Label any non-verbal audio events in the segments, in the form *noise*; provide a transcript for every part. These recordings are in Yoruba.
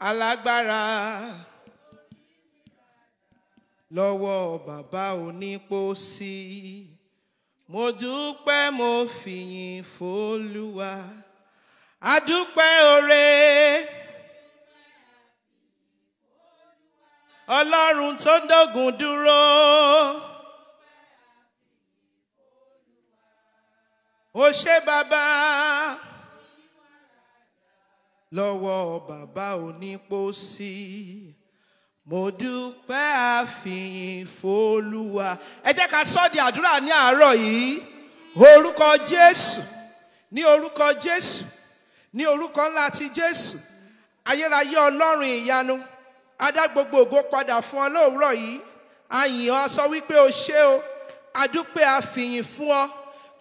alágbára lọ́wọ́ bàbá onípòsí mo dúpẹ́ mo fìyìn fólúwa adúpẹ́ oore ọlọ́run tó dógun dúró. ó ṣé bàbá lọ́wọ́ bàbá onípòsí mo dúpẹ́ àfihàn f'Olúwa ẹ jẹ́ ká sọ́ di àdúrà ní àárọ̀ yìí orúkọ Jésù ní orúkọ Jésù ní orúkọ ńlá ti Jésù ayérayé Ọlọ́run ìyanu adá gbogbo ògo padà fún ọ lóòrọ̀ yìí ayìn ọ sọ wípé o ṣé o adúpẹ́ àfihàn fún ọ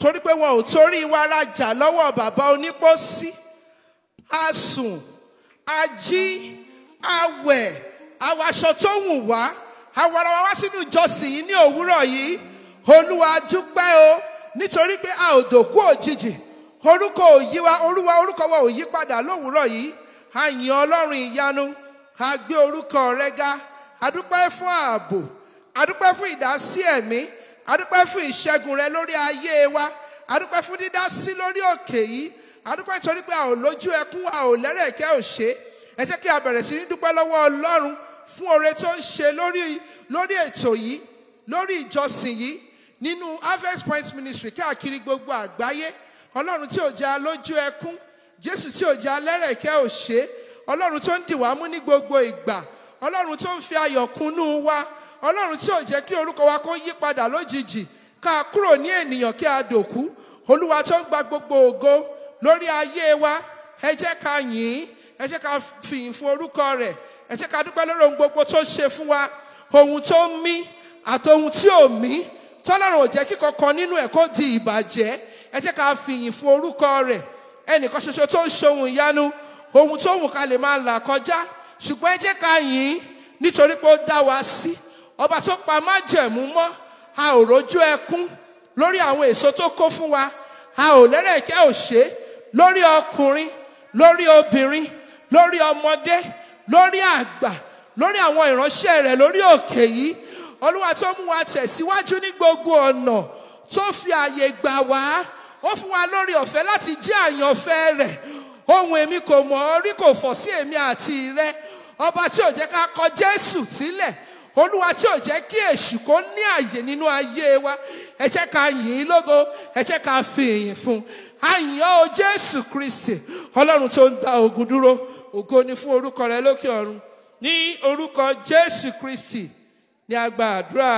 torí pé wọn ò torí wa rajà lọ́wọ́ bàbá onípòsí. Si a sùn a jí a wẹ̀ a wọ aṣọ tó wù wá a wọ ara wa wá sínú ìjọsìn yìí ní òwúrọ̀ yìí olúwa dúpẹ́ o nítorí pé a ò dòkú òjijì orúkọ ò yí wa olúwa orúkọ wa ò yí padà lówùúrọ̀ yìí a yìn ọlọ́run ìyanu a gbé orúkọ rẹ ga a fún ààbò a fún ìdásí ẹ̀mí a fún ìṣẹ́gun rẹ lórí ayé wa a dúpẹ́ fún dídásí lórí òkè yìí àdúpẹ́ nítorí pé a ò lójú ẹkún a ò lẹ́rẹ̀kẹ́ ò ṣe ẹ jẹ́ kí a bẹ̀rẹ̀ sí ní dúpẹ́ lọ́wọ́ Ọlọ́run fún oore tó ń ṣe lórí lórí ètò yìí lórí ìjọsìn yìí nínú Harvest Point Ministry káàkiri gbogbo àgbáyé Ọlọ́run tí ò jẹ́ alójú ẹkún Jésù tí ò jẹ́ alẹ́rẹ̀kẹ́ ò ṣe Ọlọ́run tó ń dì mú ní gbogbo ìgbà Ọlọ́run tó ń fi ayọ̀ kúnnú wa Ọlọ́run tí ò jẹ́ kí orúkọ wa kó yí padà lójijì ká kúrò ní ènìyàn kí a dòkú Olúwa tó ń gba gbogbo ògo lórí ayé wa ẹ jẹ́ ká yìn ẹ jẹ́ ká fìyìn fún orúkọ rẹ̀ ẹ jẹ́ ká dúpẹ́ lórí ohun gbogbo tó ṣe fún wa ohun tó ń mí àti ohun tí ò mí tọ́lọ́run ò jẹ́ kí kankan nínú ẹ̀ kó di ìbàjẹ́ ẹ jẹ́ ká fìyìn fún orúkọ rẹ̀ ẹnìkan ṣoṣo tó ń ṣohun ìyanu ohun tó wù ká lè máa là kọjá ṣùgbọ́n ẹ jẹ́ ká yìn nítorí pé ó dá wa sí ọba tó pa májẹ̀mú mọ́ a ò rójú ẹkún lórí àwọn èso tó kó fún wa a ò lẹ́rẹ̀kẹ́ òṣè lórí ọkùnrin lórí obìnrin lórí ọmọdé lórí àgbà lórí àwọn ìránṣẹ́ rẹ̀ lórí òkè yìí olúwa tó mú wa tẹ̀síwájú ní gbogbo ọ̀nà tó fi àyè gbà wá ó fún wa lórí ọ̀fẹ́ láti jẹ́ àyànfẹ́ rẹ̀ ohun èmi kò mọ̀ ọ́ rí kò fọ̀ sí èmi àti rẹ ọba tí ò jẹ́ ká kọ Jésù sílẹ̀ olúwa tí ò jẹ́ kí èṣù kó ní àyè nínú ayé wa ẹ jẹ́ ká yìn ín lógo ẹ jẹ́ ká fi ìyìn fún un àyàn o jésù kristi ọlọ́run tó ń da ogun dúró ògo ni fún orúkọ rẹ lókè ọ̀run ní orúkọ jésù kristi ní a gba àdúrà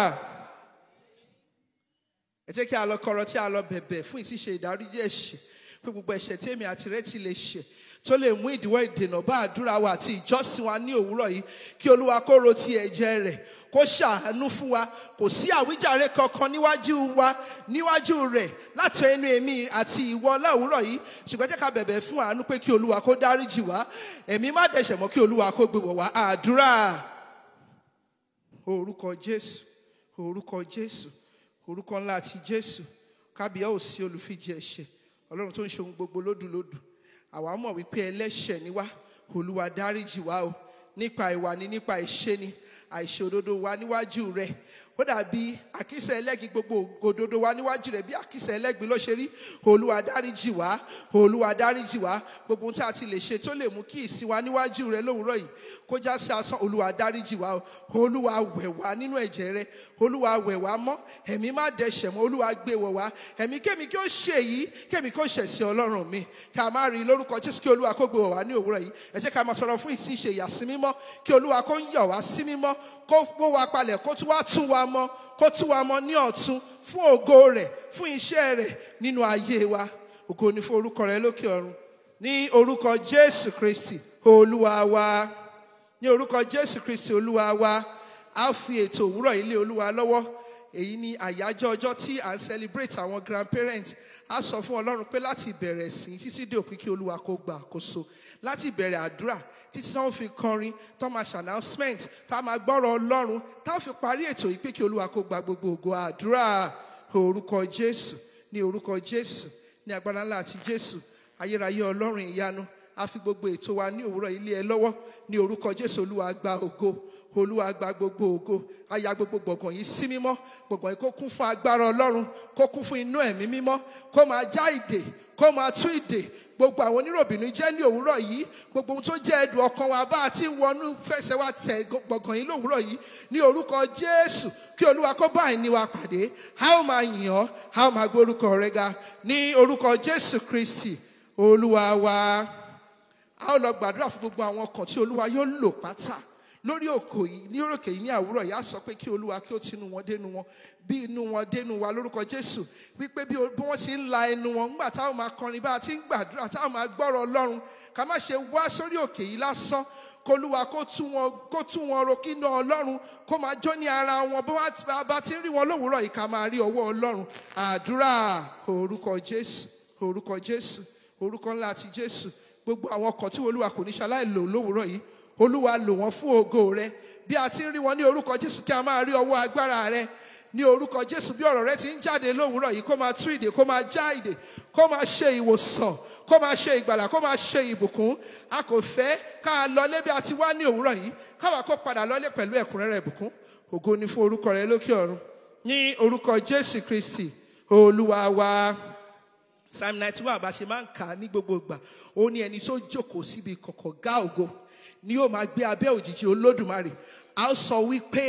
ẹ jẹ́ kí a lọ kọ̀rọ̀ tí a lọ bẹ̀bẹ̀ fún ìṣiṣẹ́ ìdáríjì ẹ̀ṣẹ̀ pé gbogbo ẹ̀ṣẹ̀ tí èmi àti rẹ ti lè ṣẹ̀ tó lè mú ìdíwọ́ ìdènà bá àdúrà wa àti ìjọsìn wa ní òwúrọ̀ yìí kí olúwa kó ro ti ẹ̀jẹ̀ rẹ̀ kó ṣàánú fún wa kò sí àwíjàre kankan níwájú wa níwájú rẹ̀ láti ẹnu èmi àti ìwọ láwùrọ̀ yìí ṣùgbọ́n jẹ́ ká bẹ̀bẹ̀ fún àánú pé kí olúwa kó dáríjì wá ẹ̀mí má dẹ̀ṣẹ̀ mọ́ kí olúwa kó gbé wọ̀ wá àdúrà orúkọ jésù orúkọ jésù orúkọ ńlá àti jésù kábíyá òsì olùfíjì ẹ̀ṣẹ̀ ọlọ́run tó ń ṣe ohun gbogbo lódùlódù àwa mọ̀ wípé ẹlẹ́ṣẹ̀ ni wá olúwa dáríjì wá o nípa ìwà ni nípa ìṣe ni àìṣòdodo wa níwájú rẹ ó dàbí àkísà ẹlẹ́gbin gbogbo òdodo wa níwájú rẹ̀ bí àkísà ẹlẹ́gbin ló ṣe rí olúwa dáríjì wá olúwa dáríjì wá gbogbo ohun tí a ti lè ṣe tó lè mú kí ìsìn wa níwájú rẹ̀ lówùúrọ̀ yìí kó já sí asán olúwa dáríjì wá olúwa wẹ̀ wá nínú ẹ̀jẹ̀ rẹ̀ olúwa wẹ̀ wá mọ́ ẹ̀mí má dẹ̀ṣẹ̀ mọ́ olúwa gbé wọ̀ wá ẹ̀mí kémi kí ó ṣe èyí kémi kó ṣẹ̀ sí ọlọ́run mi ká má rí lórúkọ jésù kí olúwa kó gbé wọ̀ ní òwúrọ̀ yìí ẹ ká máa sọ̀rọ̀ fún ìsìn sí mímọ́ kí olúwa kó ń yọ̀ wá sí mímọ́ kó wá palẹ̀ kó tún wá tún wa mọ kó tú wa mọ ní ọ̀tun fún ògo rẹ̀ fún iṣẹ́ rẹ̀ nínú ayé wa ògo ni fún orúkọ rẹ̀ lókè ọ̀run ní orúkọ Jésù Kristi olúwa wa ní orúkọ Jésù Kristi olúwa wa a fi ètò òwúrọ̀ ilé olúwa lọ́wọ́ èyí ni àyájọ́ ọjọ́ tí à ń celebrate àwọn grandparents a sọ fún ọlọ́run pé láti bẹ̀rẹ̀ sí títí dé òpin kí olúwa kó gba àkóso láti bẹ̀rẹ̀ àdúrà títí táwọn fi kọrin tó máa ṣànàsment tá a máa gbọ́rọ̀ ọlọ́run tá a fi parí ètò yìí pé kí olúwa kó gba gbogbo ògo àdúrà orúkọ jésù ní orúkọ jésù ní agbára ńlá àti jésù ayérayé ọlọ́run ìyanu a fi gbogbo ètò wa ní òwúrọ̀ ilé ẹ lọ́wọ́ ní orúkọ jésù olúwa gba ògo olúwa gba gbogbo ògo aya gbogbo gbọ̀ngàn yìí sí mímọ́ gbọ̀ngàn yìí kó kún fún agbára ọlọ́run kó kún fún inú ẹ̀mí mímọ́ kó máa já ìdè kó máa tú ìdè gbogbo àwọn oníròbìnú jẹ́ ní òwúrọ̀ yìí gbogbo ohun tó jẹ́ ẹ̀dùn ọkàn wa bá a ti wọnú fẹsẹ̀ wa tẹ̀ gbọ̀ngàn yìí lówùúrọ̀ yìí ní orúkọ jésù kí olúwa kó bá àìní wa pàdé a ó máa yìn ọ́ a ó máa gbórúkọ rẹ ga ní orúkọ jésù kristi olúwa wa a ó lọ gbàdúrà fún gbogbo àwọn ọkàn tí olúwa yóò lò pátá lórí òkò yìí ní òròkè yìí ní àwúrọ̀ yìí á sọ pé kí olúwa kí ó tinú wọn dénú wọn bí inú wọn dénú wa lórúkọ jésù wípé bí wọ́n ti ń la ẹnu wọn ńgbà táwọn máa kọrin bá a ti ń gbàdúrà táwọn máa gbọ́rọ̀ ọlọ́run ká má ṣe wá sórí òkè yìí lásán k'Olúwa kó tú wọn kó tú wọn ro kí iná ọlọ́run kó máa jó ní ara wọn bí bá ti ń rí wọn lówùúrọ̀ yìí ká máa rí ọwọ́ ọlọ́run àdúrà orúkọ jésù orúkọ jésù orúkọ ńlá gbogbo àwọn ọkọ̀ tí olúwa kò ní ṣaláì lò lówùúrọ̀ yìí olúwa lò wọ́n fún ògo rẹ bí a ti ń rí wọn ní orúkọ jésù kí a máa rí ọwọ́ agbára rẹ ní orúkọ jésù bí ọ̀rọ̀ rẹ ti ń jáde lówùúrọ̀ yìí kó máa tú ìdè kó máa já ìdè kó máa ṣe ìwòsàn kó máa ṣe ìgbàlà kó máa ṣe ìbùkún a kò fẹ́ ká a lọlé bí a ti wá ní òwúrọ̀ yìí káwa kó padà lọlé pẹ̀lú ẹ̀kúnrẹ́rẹ́ ìbùkún ògo ni fún orúkọ rẹ lókè ọ̀run ní orúkọ jésù kristi olúwa wa psalm ninety one bá ṣe máa ń kà á ní gbogbo ìgbà ó ní ẹni tó jókòó síbi kọ̀kọ̀ gá ògo ni yóò máa gbé abẹ́ òjìji olódùmarè a sọ wípé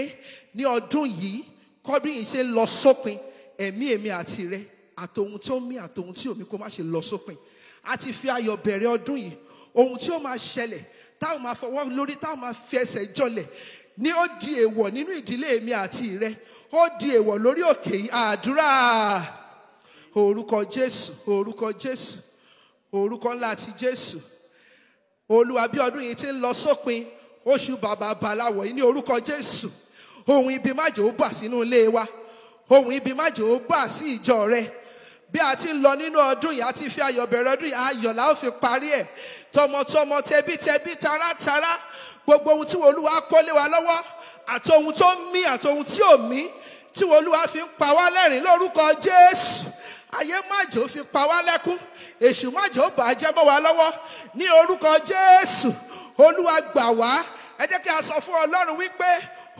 ní ọdún yìí kọ́dún yìí ṣe lọ sópin ẹ̀mí èmi àti rẹ àtòhun tó mí àtòhun tí òmí kó má ṣe lọ sópin a ti fi ayọ̀ bẹ̀rẹ̀ ọdún yìí ohun tí ó máa ṣẹlẹ̀ táwọn máa fọwọ́ lórí táwọn máa fi ẹsẹ̀ jọlẹ̀ ni ó di èèwọ̀ nínú ìdílé èmi àti rẹ ó di èèwọ̀ lórí òkè àdúrà orúkọ jésù orúkọ jésù orúkọ ńlá ti jésù olúwa bí ọdún yìí ti ń lọ sópin oṣù bàbá bàláwọ̀ yìí ní orúkọ jésù ohun ibi májò ó bà sínú ilé wa ohun ibi májò ó bà sí ìjọ rẹ bí a ti ń lọ nínú ọdún yìí a ti fi ayọ̀ bẹ̀rẹ̀ ọdún yìí ayọ̀ la ó fi parí ẹ̀ tọmọtọmọ tẹbítẹbí taratara gbogbo ohun tí olúwa kó lé wa lọ́wọ́ àti ohun tó ń mí àti ohun tí ò mí tí olúwa fi ń pa wá lẹ́rìn lórúkọ jésù ayé májò fi pa wá lẹ́kún èṣù májò bàjẹ́ mọ́ wa lọ́wọ́ ní orúkọ jésù olúwa gbà wá ẹ jẹ́ kí a sọ fún ọlọ́run wípé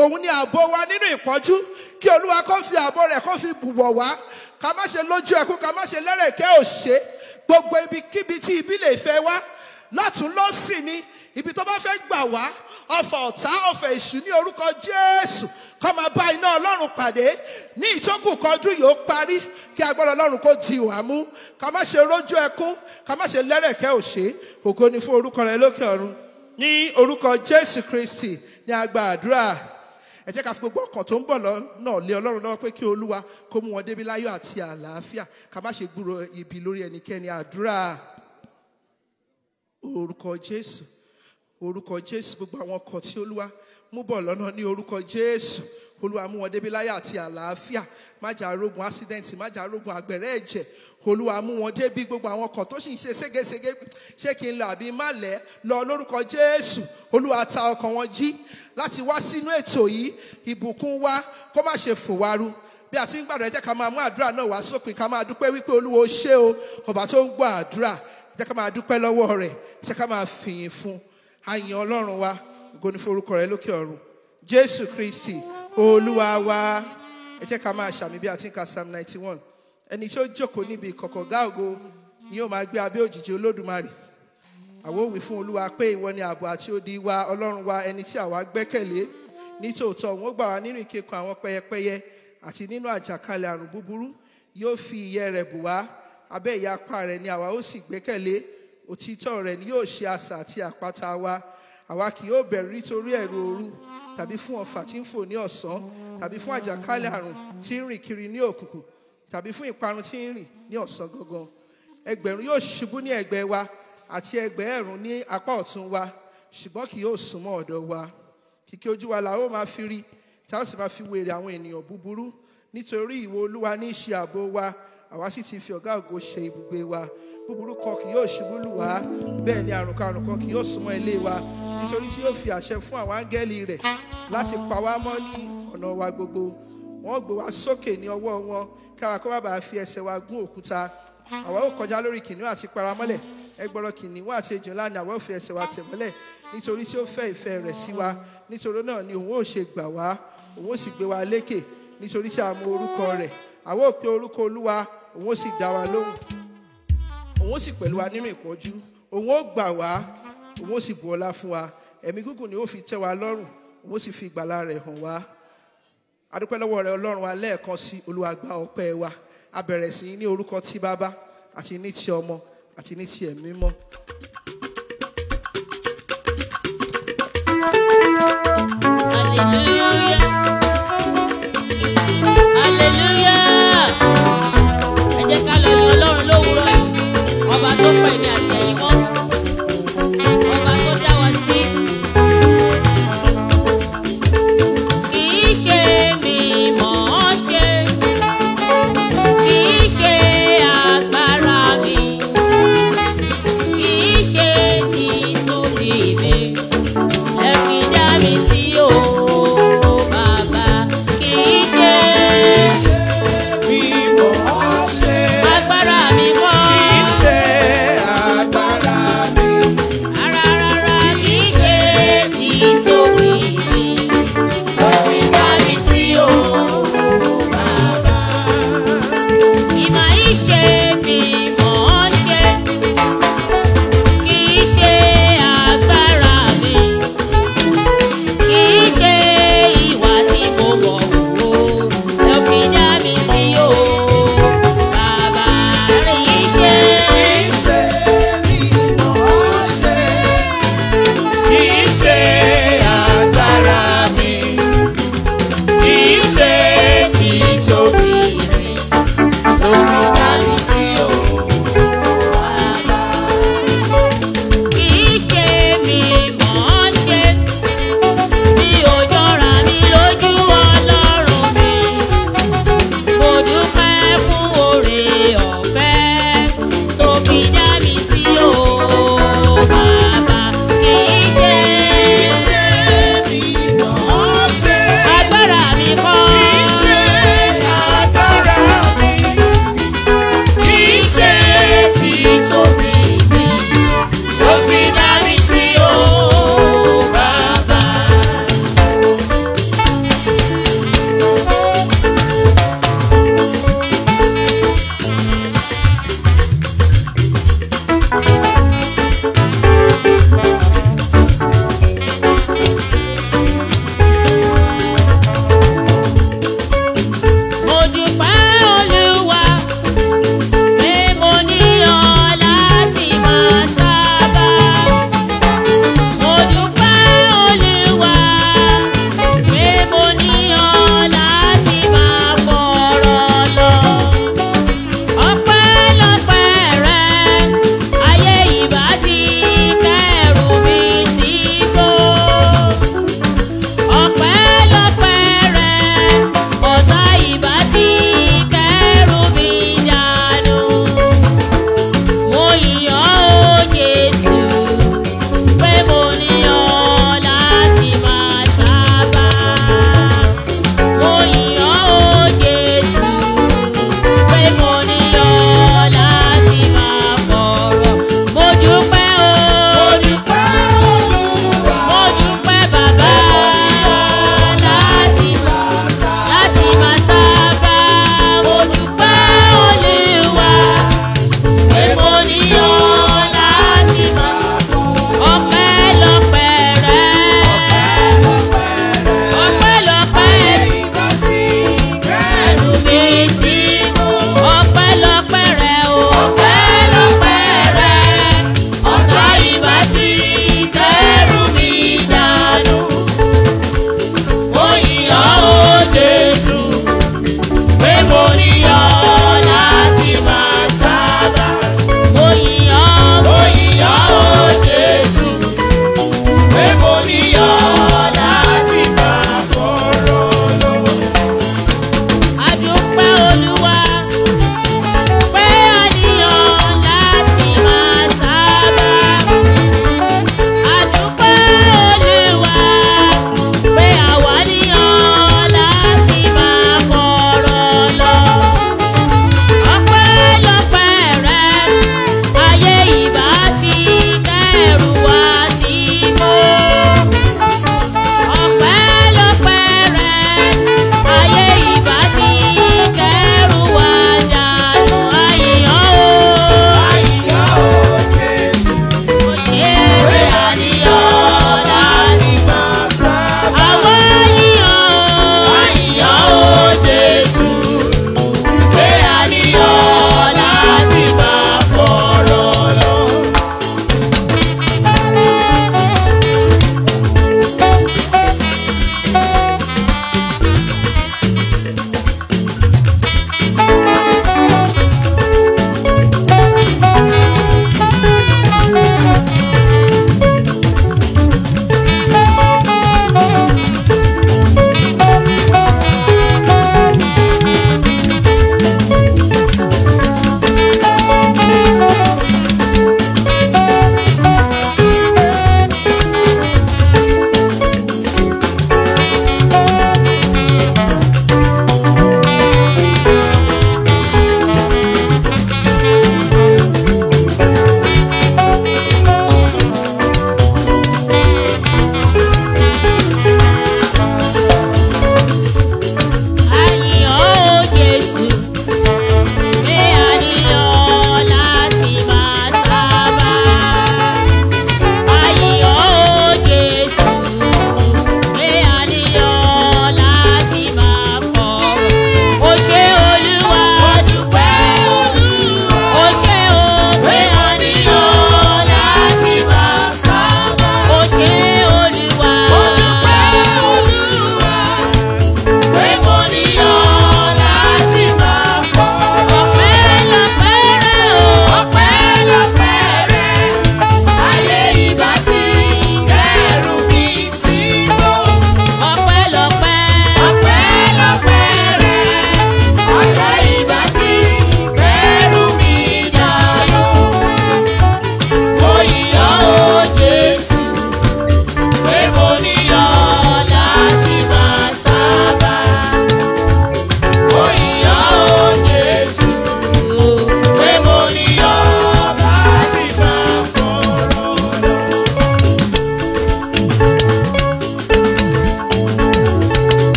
òun ni ààbò wa nínú ìpọ́njú kí olúwa kó fi ààbò rẹ̀ kó fi bùwọ̀ wá ká má ṣe lójú ẹkún ká má ṣe lẹ́rẹ̀kẹ́ òṣè gbogbo ibikíbi tí ibi lè fẹ́ wá lọ́tún lọ́sìn ni ibi tó bá fẹ́ gbà wá ọfà ọ̀tá ọfà èṣù ní orúkọ jésù kó máa bá iná ọlọ́run pàdé ní ìtókù kọdún yìí ó parí kí agbára ọlọ́run kó di ìwà mú ká má ṣe rójú ẹkún ká má ṣe lẹ́rẹ̀kẹ́ òṣè ògo ni fún orúkọ rẹ lókè ọ̀run ní orúkọ jésù kristi ní agba àdúrà ẹ jẹ́ ká fi gbogbo ọkàn tó ń bọ̀ náà lé ọlọ́run lọ́wọ́ pé kí olúwa kó mú wọn débi láyọ̀ àti àlàáfíà ká má ṣe gbúrò ibi lórí ẹnikẹ́ni àdúrà orúkọ jésù orúkọ jésù gbogbo àwọn ọkọ̀ tí olúwa mú bọ̀ lọ́nà ní orúkọ jésù olúwa mú wọn débi láyà àti àlàáfíà májà arógun accident májà arógun àgbẹ̀rẹ̀ ẹ̀jẹ̀ olúwa mú wọn débi gbogbo àwọn ọkọ̀ tó sì ń ṣe ségesège ṣé kí n lọ àbí má lẹ̀ lọ lórúkọ jésù olúwa ta ọkàn wọn jí láti wá sínú ètò yìí ìbùkún wa kó má ṣe fò bí a ń gbàdúrà jẹ́ ká máa mú àdúrà náà wá sópin ká máa dúpẹ́ wípé olúwa ṣé o ọba tó ń gbọ́ àdúrà jẹ́ ká máa dúpẹ́ lọ́wọ́ rẹ̀ ẹ ká máa fìyìn fún un àyàn ọlọ́run wa ògo ni forúkọ rẹ lókè ọ̀run jésù kristi olúwa wa ẹ jẹ́ ká máa ṣàmì bí a ń ka psalm ninety one ẹni tí ó jókòó níbi ìkọ̀kọ̀ ọ̀gá ni yóò máa gbé abẹ́ òjìji olódùmarè àwa ó wí fún olúwa pé ìwọ ni ààbò àti odi wa ọlọ́run wa ẹni tí àwa gbẹ́kẹ̀lé ní tòótọ́ òun gbà wá nínú ìkẹ́kùn àwọn pẹyẹpẹyẹ àti nínú àjàkálẹ̀ àrùn búburú yóò fi ìyẹ́ rẹ̀ bù wá abẹ́ ìyá rẹ̀ ni àwa ó sì gbẹ́kẹ̀lé òtítọ́ rẹ̀ ni yóò ṣe asà àti àpáta wa àwa kì yóò bẹ̀rù nítorí ẹ̀rù òru tàbí fún ọfà tí ń fò ní ọ̀sán tàbí fún àjàkálẹ̀ àrùn tí ń rìn kiri ní òkùnkùn tàbí fún ìparun tí ń rìn ní ọ̀sán gangan ẹgbẹ̀rún yóò ṣubú ní ẹ̀gbẹ́ wa àti ẹgbẹ̀rún ní apá ọ̀tún wa ṣùgbọ́n kì yóò súnmọ́ ọ̀dọ̀ wa kìkì ojú wa la ó máa fi rí tá a sì máa fi wèrè àwọn ènìyàn búburú nítorí ìwọ olúwa ní ṣe ààbò wa àwa sì ti fi ọ̀gá ògo ṣe ibùgbé wa búburú kan kì yóò ṣubú lù wá bẹ́ẹ̀ ni àrùn karùn kan kì yóò súnmọ́ ilé wa nítorí tí yóò fi àṣẹ fún àwọn áńgẹ́lì rẹ̀ láti pa wá mọ́ ní ọ̀nà wa gbogbo wọ́n gbé wa sókè ní ọwọ́ wọn káwa kó má bàa fi ẹsẹ̀ wa gún òkúta àwa ó kọjá lórí kìnìún àti paramọ́lẹ̀ ẹgbọrọ kìnìún àti ejò ńlá ni àwa ó fi ẹsẹ̀ wa tẹ̀ mọ́lẹ̀ nítorí tí ó fẹ́ ìfẹ́ rẹ̀ sí wa nítorí náà ni òun ó ṣe gbà wá òun ó sì gbé wa lékè nítorí tí a mọ orúkọ rẹ̀ àwa ó pe orúkọ olúwa òun ó sì dá wa lóhùn òun sì pẹ̀lú wa nínú ìpọ́njú òun ó gbà wá òun ó sì bu ọlá fún wa ẹ̀mí gígùn ni ó fi tẹ́ wa lọ́rùn òun ó sì fi ìgbàlà rẹ̀ hàn wá adúpẹ́ lọ́wọ́ rẹ ọlọ́run wa lẹ́ẹ̀kan sí olúwa gba ọpẹ́ wa a bẹ̀rẹ̀ sí ní orúkọ tí bàbá àti ní ti ọmọ àti ní ti ẹ̀mí mọ́. thank you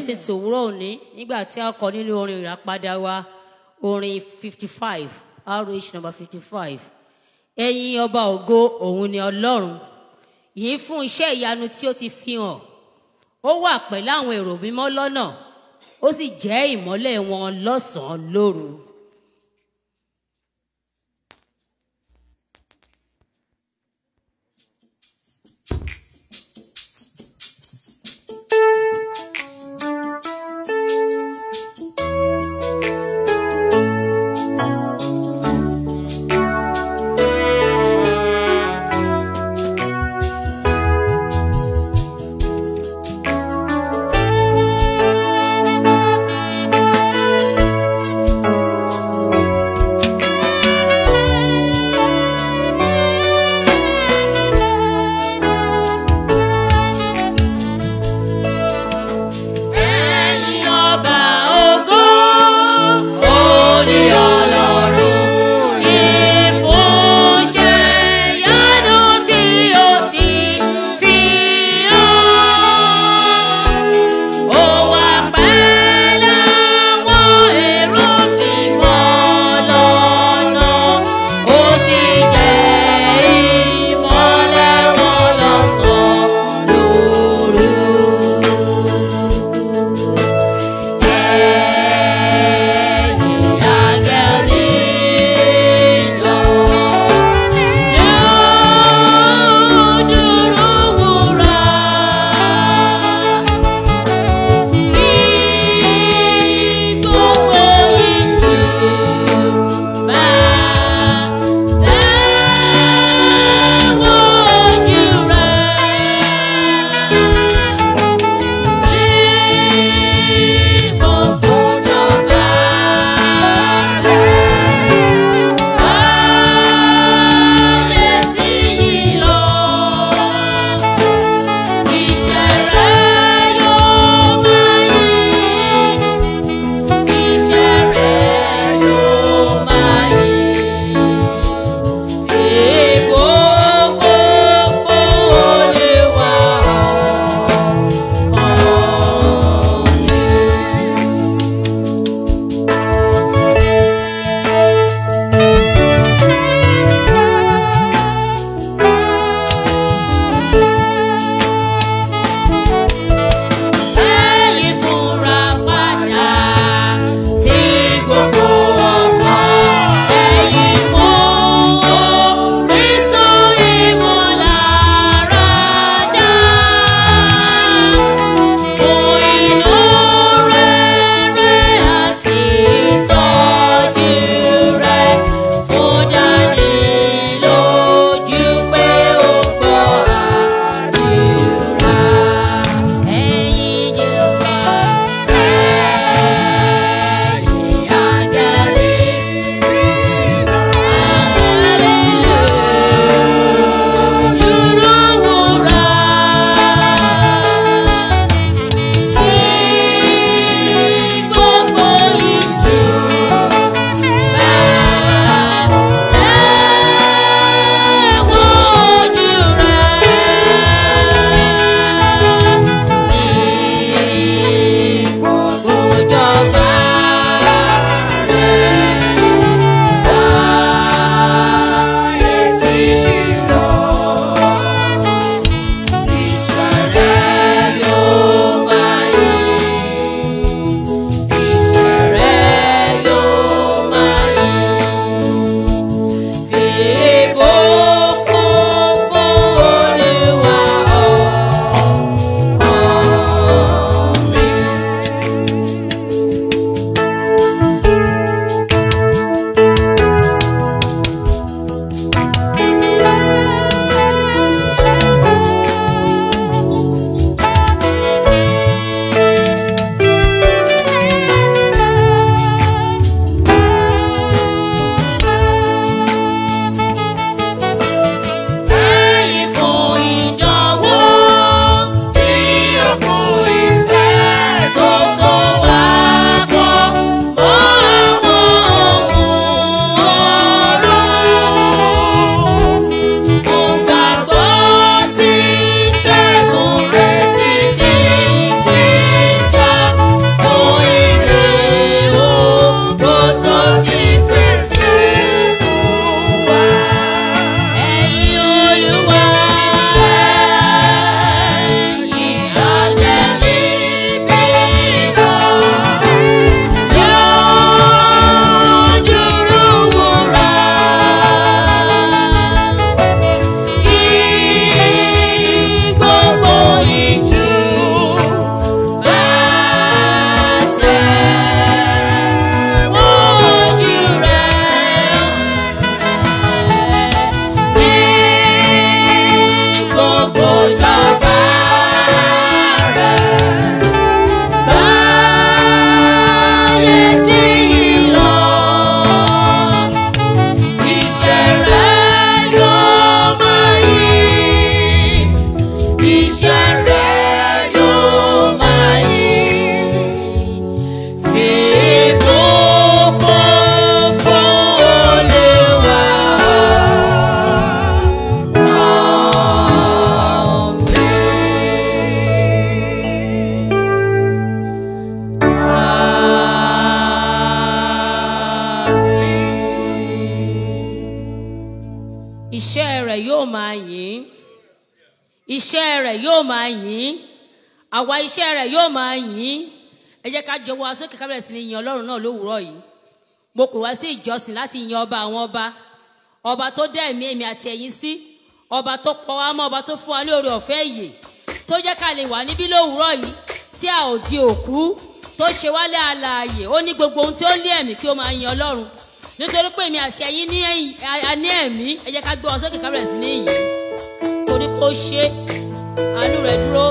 ìjọsìn ti òwúrọ̀ òní nígbà tí a kọ nínú orin ìràpadà wa orin fifty five rh number fifty five ẹ̀yin ọba ògo òun ni ọlọ́run yìí fún iṣẹ́ ìyanu tí ó ti fi hàn ó wà pẹ̀lú àwọn èrò mímọ́ lọ́nà ó sì jẹ́ ìmọ́lẹ̀ wọn lọ́sàn-án lóru. ìsìn láti yin ọba àwọn ọba ọba tó dá ẹ̀mí èmi àti ẹ̀yin sí ọba tó pọ̀ wá mọ́ ọba tó fún wa ní oore ọ̀fẹ́ yìí tó jẹ́ ká lè wà níbí lówùúrọ̀ yìí tí a ò di òkú tó ṣe wálé alààyè ó ní gbogbo ohun tí ó lé ẹ̀mí kí ó máa yin ọlọ́run nítorí pé èmi àti ẹ̀yin ní ẹ̀mí ẹ ká gbé wọn sókè ká sí ní torí kó ṣe àánú rẹ̀ dúró.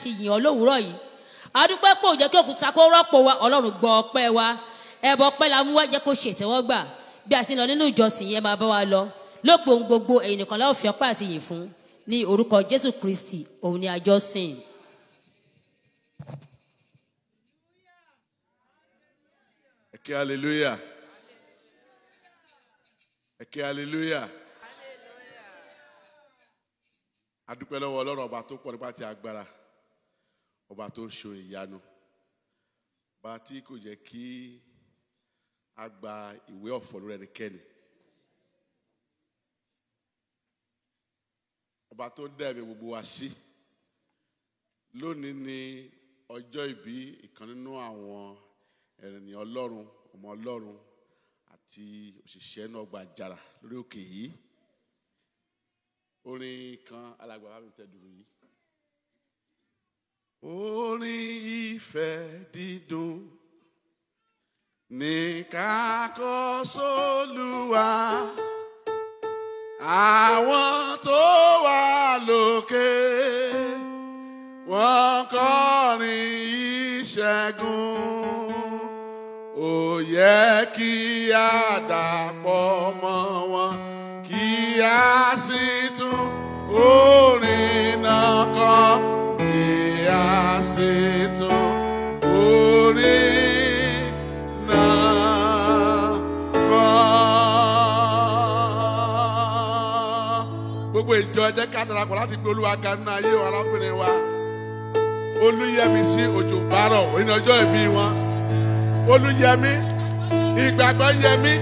láti yìn ọ́ lówùúrọ̀ yìí adúpẹ́ pò jẹ́ kí òkúta kó rọ́pò wa ọlọ́run gbọ́ ọpẹ́ wa ẹbọ ọpẹ́ la mú wá jẹ́ kó ṣètẹ́wọ́gbà bí a ti lọ nínú ìjọsìn yẹn máa bá wa lọ lópin ohun gbogbo èyí nìkan la fi ọpẹ́ àti yìn fún ní orúkọ Jésù Kristi òun ni àjọ sìn. hallelujah ẹ hallelujah adúpẹ́ lọ́wọ́ ọlọ́run ọba tó pọ̀ nípa ti agbára ọba tó ń ṣe ìyanu bá tí kò jẹ́ kí a gba ìwé ọ̀fọ̀ lórí ẹnikẹ́ni ọba tó ń dẹ̀mí gbogbo wa sí lónìí ni ọjọ́ ìbí ìkan nínú àwọn ènìyàn ọlọ́run ọmọ ọlọ́run àti òṣìṣẹ́ náà gba àjàrà lórí òkè yìí orin kan alàgbà mi tẹ́ dùn yìí. Orin ìfẹ́ dídùn ní ká kọ sólúwa. Àwọn tó wà lókè wọ́n kọrin ìṣẹ́gun. Ó yẹ kí a dàpọ̀ mọ́ wọn kí a sì tún orin náà kọ ìjọ ẹ jẹ́ ká darapọ̀ láti gbé olúwa ga nínú ayé arábìnrin wa olúyẹmísí òjò bárọ̀ òyìn ọjọ́ ìbí wọn olúyẹmí ìgbàgbọ́ yẹmí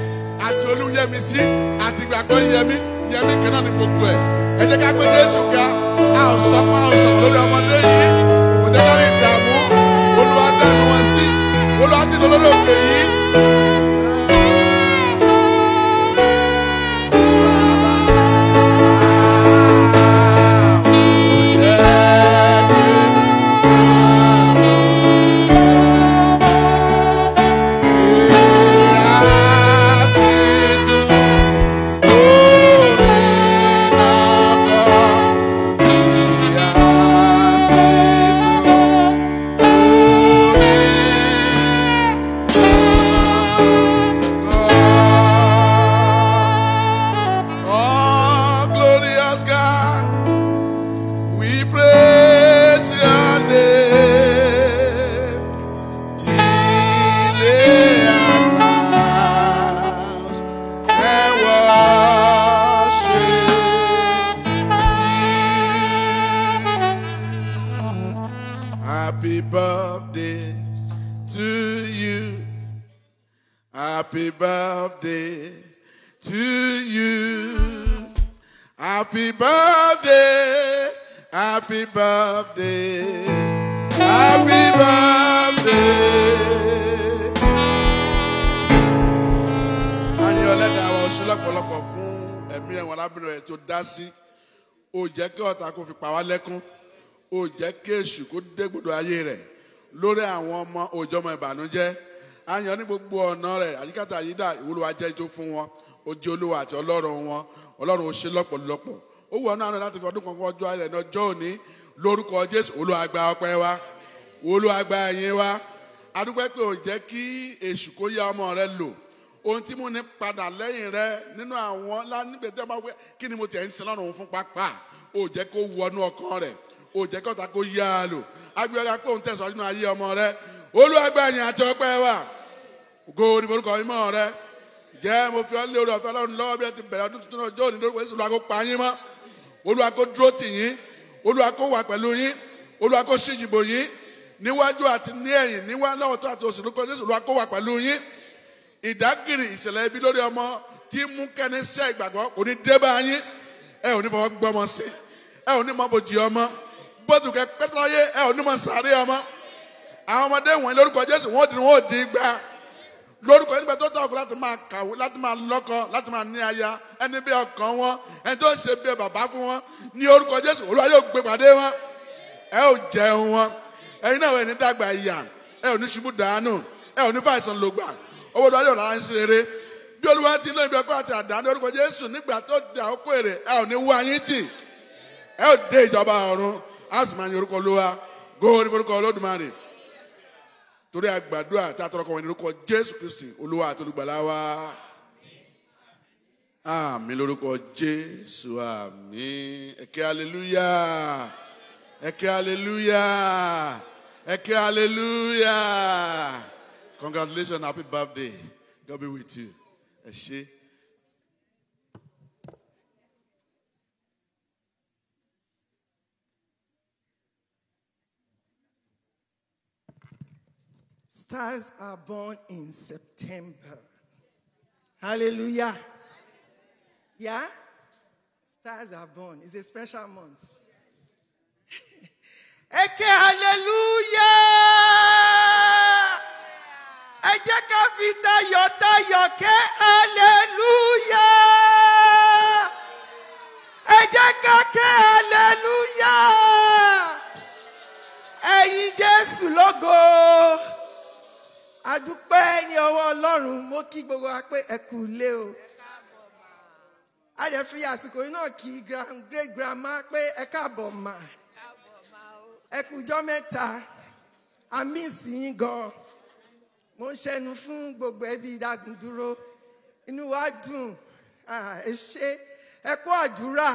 àti olúyẹmísí àti ìgbàgbọ́ yẹmí yẹmí kan náà ní gbogbo ẹ̀ ẹ jẹ́ ká gbé jésù ga a ò sọ fún a ò sọ̀rọ̀ lórí ọmọdé yìí kò tẹ́jáde ìdààmú olùwádàá ni wọ́n sí olùwádìí lọ́lọ́dọ̀ yìí. dá sí o jẹ́ kí ọ̀tá kò fi pa wá lẹ́kún o jẹ́ kí èṣù kó dégbodò ayé rẹ̀ lórí àwọn ọmọ òjọmọ ìbànújẹ́ àyàn ní gbogbo ọ̀nà rẹ̀ àyíkàtà yìí dà ìwúlùwà jẹ́ ijó fún wọn ó jẹ́ olúwa àti ọlọ́run wọn ọlọ́run ó ṣe lọ́pọ̀lọpọ̀ ó wọ̀ náà láti fi ọdún kankan ọjọ́ ayẹyẹ náà jọ́ òní lórúkọ jésù olúwa ọpẹ́ wa olúwa gba ẹ̀yìn wa adúpẹ́ pé ò jẹ́ kí èṣù kó yá ọmọ rẹ lò ohun tí mo ní padà lẹ́yìn rẹ nínú àwọn ńlá nígbà tí wọ́n bá wẹ́ kí ni mo tẹ̀ ń sin lọ́rùn fún pápá ò jẹ́ kó wọnú ọkàn rẹ̀ o jẹ́ kọ́ta kó yá a lò agbẹ́ra pé òun tẹ̀síwájú nínú ayé ọmọ rẹ olúwagbẹ̀yìn àti ọpẹ́ wa ògo ni orúkọ mímọ́ rẹ jẹ́ mo fi ọ́ lé orí ọ̀fẹ́ ọlọ́run lọ́wọ́ bí ẹ ti bẹ̀rẹ̀ ọdún tuntun náà jóòní lórúkọ Jésù olúwa kó pa yín mọ́ olúwa kó dúró tì yín olúwa kó wà pẹ̀lú yín olúwa kó ṣíjìbò yín níwájú àti ní ẹ̀yìn níwájú àti òsì lórúkọ Jésù olúwa kó wà pẹ̀lú yín ìdágìrì ìṣẹ̀lẹ̀ ibi lórí ọmọ tí mú kẹ́ni ṣẹ́ ìgbàgbọ́ kò ní dé bá yín ẹ ò ní fọwọ́ gbọ́mọ sí ẹ ò ní mọ bòjì ọmọ bóòtù kẹ pẹ́tọ́yé ẹ ò ní mọ sàárẹ̀ ọmọ àwọn ọmọdé wọ̀nyí lórúkọ Jésù wọ́n dín wọ́n dín gbà lórúkọ nígbà tó tọ̀ láti máa kàwé láti máa lọ́kọ láti máa ní aya ẹni bí ọkàn wọn ẹni tó ń ṣe bí bàbá fún wọn ní orúkọ Jésù Olúwa yóò gbé pàdé wọn ẹ ò jẹun wọn ẹ̀yin náà ẹ ní dàgbà ìyà ẹ ò ní ṣubú dànù ẹ ò ní fàìsàn lògbà owó dọ́jọ́ là ń ṣeré bí olúwa ti lóyún ìdọ́kọ̀ àti àdá ní orúkọ jésù nígbà tó da ọkọ èrè ẹ ò ní tì ẹ ò dé ìjọba ọ̀run a sì máa ń yorúkọ olúwa góò orúkọ olódùmarè torí àgbàdua tá a tọrọ kọ wọn ní orúkọ jésù kristi olúwa àti àmì lórúkọ jésù àmì ẹkẹ aleluya ẹkẹ aleluya ẹkẹ aleluya. Congratulations, happy birthday. God be with you. And ṣé. Stars are born in September. Hallelujah. Yeah? Stars are born. It's a special month. Eke, *laughs* hallelujah! ẹ jẹ́ ká fi tayọ̀tayọ̀ kẹ́ aleluya ẹ jẹ́ ká kẹ́ aleluya ẹ̀yin Jésù lógo adúpẹ́ ní ọwọ́ Ọlọ́run mo kí gbogbo wa pé ẹ kú ilé o a dẹ̀ fi àsìkò yìí náà kí great grandma pé ẹ káàbọ̀ mà ẹ kú jọ́ mẹ́ta a mí yín gan-an. mo ń ṣẹnu fún gbogbo ẹbí Dagunduro inú wa dùn ẹ ṣe ẹ kó àdúrà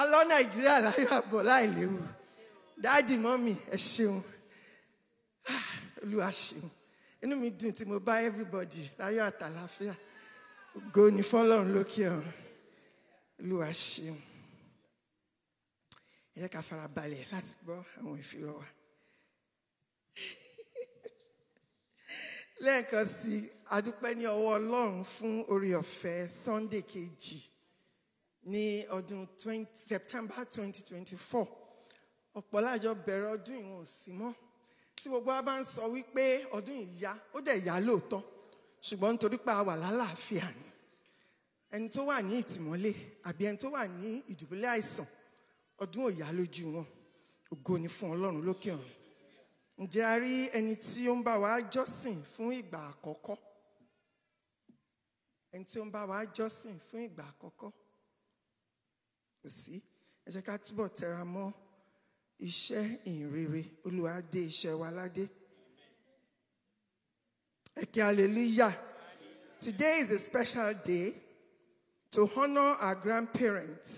alọ́ Nàìjíríà láyọ̀ àbọ̀ láìléwu dáàdì mọ́mì ẹ ṣeun Olúwa ṣeun inú mi dùn tí mo bá everybody láyọ̀ àtàlàfíà Go ni fọlọ́run lókè ọ̀run Olúwa ṣeun ẹ jẹ́ ká fara balẹ̀ láti gbọ́ àwọn ìfilọ́wà. lẹ́ẹ̀kan sí adúpẹ́ ní ọwọ́ Ọlọ́run fún orí ọ̀fẹ́ Sunday kejì ní ọdún September 2024 ọ̀pọ̀ láàjọ bẹ̀rẹ̀ ọdún ìwọ̀n ò sí mọ́ tí gbogbo wa bá ń sọ wípé ọdún yìí yá ó dẹ̀ yá lóòótọ́ ṣùgbọ́n nítorí pé a wà lálàáfíà ni ẹni tó wà ní ìtìmọ́lé àbí ẹni tó wà ní ìdùbúlẹ̀ àìsàn ọdún ò yá lójú wọn ògo ni fún Ọlọ́run lókè ọ̀run ǹjẹ́ a rí ẹni tí ó ń bá wa jọ́sìn fún ìgbà àkọ́kọ́ ẹni tí ó ń bá wa jọ́sìn fún ìgbà àkọ́kọ́ kò sí ẹ jẹ́ ká túbọ̀ tẹra mọ́ iṣẹ́ ìhìnrere Olúwa iṣẹ́ wa ládé ẹ̀kẹ́ hallelujah today is a special day to honour our grandparents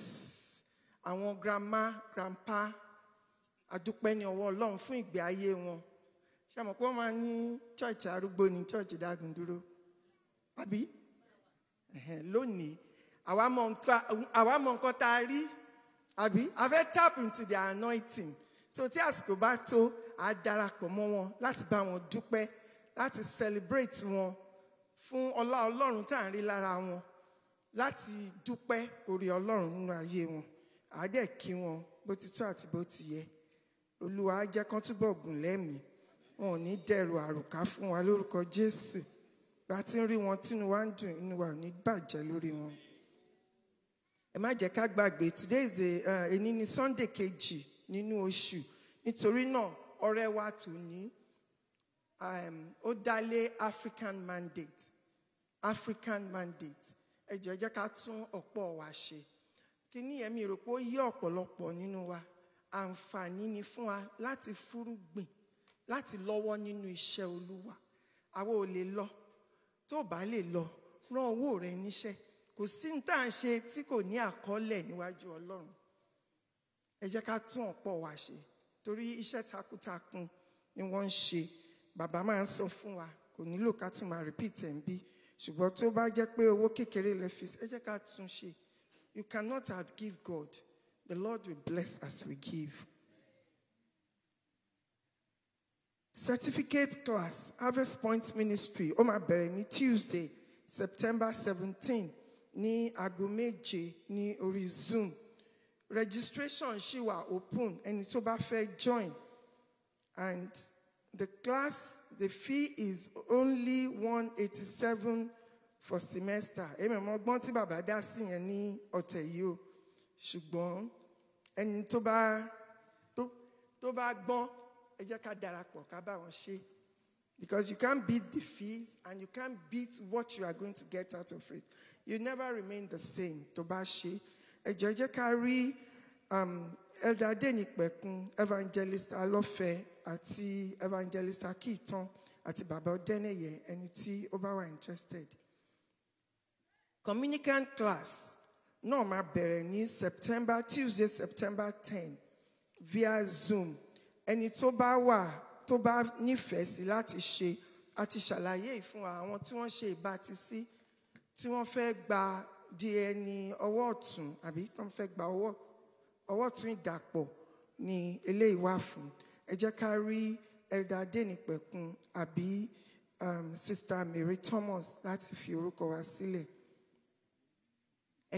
àwọn grandma grandpa adúpẹ́ ní ọwọ́ ọlọ́run fún ìgbé ayé wọn ṣe máa ní church arúgbó ní church dágundúró àbí lónìí àwa mọ nǹkan tá a rí àbí a fẹ́ tap into the anointing so tí àsìkò bá tó a darapọ̀ mọ́ wọn láti bá wọn dúpẹ́ láti celebrate wọn fún ọlá ọlọ́run tá à ń rí lára wọn láti dúpẹ́ orí ọlọ́run nínú ayé wọn àádẹ́ kí wọn bó ti tó àti bó ti yẹ olúwa á jẹ́ kán túbọ̀ gùn lẹ́mìí wọn ò ní dẹ̀rù àrùká fún wa lórúkọ jésù bá ti ń rí wọn tínú wa ń dùn inú wa ò ní bàjẹ́ lórí wọn. ẹ má jẹ́ ká gbàgbé today is a eh, ẹni ní sunday kejì nínú oṣù nítorí náà ọrẹ wa tò ní ehm, ó dálé african mandate african mandate ẹ jẹ́ jẹ́ ká tún ọ̀pọ̀ wa ṣe kí ni èmi rò pé ó yé ọ̀pọ̀lọpọ̀ nínú wa àǹfààní ni fún wa láti fúrúgbìn láti lọ́wọ́ nínú iṣẹ́ olúwa àwa ò lè lọ tó bá lè lọ rán owó rẹ níṣẹ́ kò sí ní tá à ń ṣe tí kò ní àkọọ́lẹ̀ níwájú ọlọ́run ẹ jẹ́ ká tún ọ̀pọ̀ wa ṣe torí iṣẹ́ takuntakun ni wọ́n ń ṣe bàbá máa ń sọ fún wa kò nílò ká tún máa repeat ẹ̀ ń bí ṣùgbọ́n tó bá jẹ́ pé owó kékeré lè fi ẹ jẹ́ ká tún ṣe you cannot outgive God. The Lord will bless as we give. Certificate class, Harvest Points Ministry, Omar Bereni, Tuesday, September 17, ní agumeje ní orizum. Registration she wà open and tó bá fẹ́ join. And the class, the fee is only one eighty-seven for semester. Èmi mọ bàbá dá ní ọ̀tẹ̀ ṣùgbọ́n ẹni tó bá tó bá gbọ́n ẹ jẹ́ ká darapọ̀ ká bá wọn ṣe because you can't beat the fees and you can't beat what you are going to get out of it. You never remain the same. Tó bá ṣe ẹ jẹ́ jẹ́ ká rí um, Elder Adenipẹ̀kun Evangelist Alọ́fẹ́ àti Evangelist Akiton àti Bàbá Ọdẹ́nẹ̀yẹ ẹni tí ó bá wà interested. Communicant class. náà máa bẹ̀rẹ̀ ní September Tuesday September ten via Zoom ẹni tó bá wà tó bá nífẹ̀ẹ́ sí láti ṣe àti ṣàlàyé ìfún àwọn tí wọ́n ṣe ìbátisí tí wọ́n fẹ́ gba di ẹni ọwọ́ ọ̀tún àbí tí wọ́n fẹ́ gba ọwọ́ ọ̀tún ìdàpọ̀ ni eléyìí wà fún ẹ jẹ́ ká rí Elder Adénípẹ̀kun àbí um, Sister Mary Thomas láti fi orúkọ wa sílẹ̀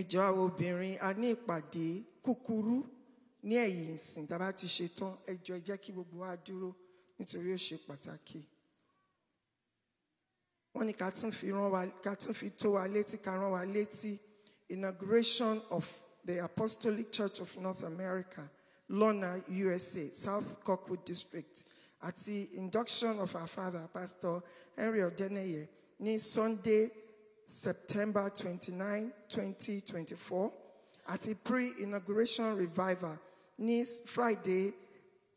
ẹjọ́ obìnrin a ní ìpàdé kúkúrú ní ẹ̀yìn ìsìn tá a bá ti ṣe tán ẹjọ́ ẹ jẹ́ kí gbogbo wa dúró nítorí ó ṣe pàtàkì wọ́n ní ká tún fi tó wa létí ká rán wa létí inauguration of the Apostolic Church of North America Lona USA South Cockwood District àti induction of our father Pastor Henry Odeneye ní Sunday September 29, 2024, at a pre inauguration revival near Friday,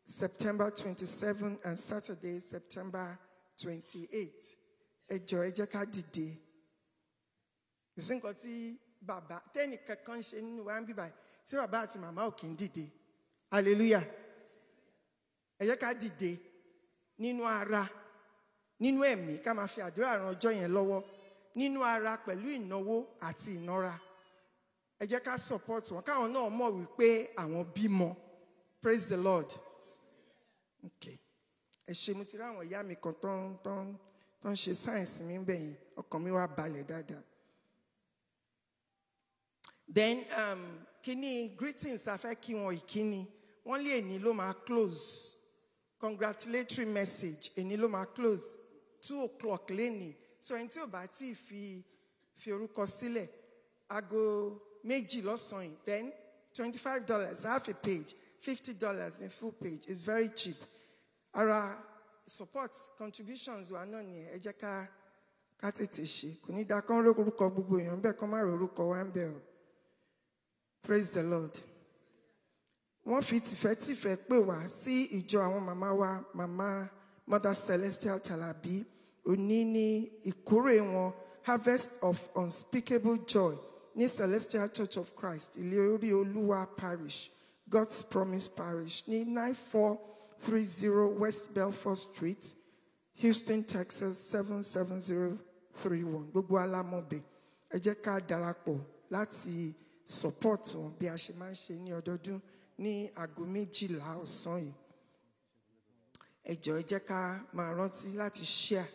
September 27 and Saturday, September 28. Ẹjọ́ ẹ jẹ́ ká dìde. Kò sí bàbá tẹ́nì kankan ṣe nínú wa ń bíbà tí bàbá àti màmá ò kì Hallelujah. Ẹ jẹ́ ká nínú ara nínú ẹ̀mí fi àdúrà ran join yẹn lọ́wọ́. nínú ara pẹ̀lú ìnáwó àti ìnara ẹ jẹ́ ká support wọn káwọn náà mọ̀ wípé àwọn bímọ praise the lord okay ẹ ṣe mo ti rí àwọn ìyá mi kan tó ń tó ń tó ń ṣe sáyẹ̀nsì mi bẹ̀ yẹn ọkàn mi wá balẹ̀ dáadáa then um, kini greetings afẹ́ kí wọn ìkíni wọ́n lé èní ló máa close congratulatory message èní ló máa close two o'clock lénìí so ẹni tí ò bá tí ì fi fi orúkọ sílẹ̀ aago méjì lọ́sàn-án yìí then twenty five dollars half a page fifty dollars in full page is very cheap ara support contributions wa náà nìyẹn ẹ jẹ́ ká ká tètè ṣe kò ní dáa kán rórúkọ gbogbo èèyàn bẹ́ẹ̀ kán má rórúkọ wá ń bẹ̀ o praise the lord wọ́n fi tìfẹ́tìfẹ́ pè wá sí ìjọ àwọn màmá wa màmá mother celestial talabi òní ní ìkórè wọn harvest of unspeakable joy ní celestial church of christ ilé orí olúwa parish god's promise parish ní nine four three zero west Belfour street houston texas seven seven zero three one gbogbo alámọ̀bẹ̀ ẹ jẹ́ ká darapọ̀ láti support wọn bí a ṣe máa ń ṣe ní ọdọọdún ní aago méjìlá ọ̀sán yìí ẹ jọ̀ọ́ ẹ jẹ́ ká máa rántí láti share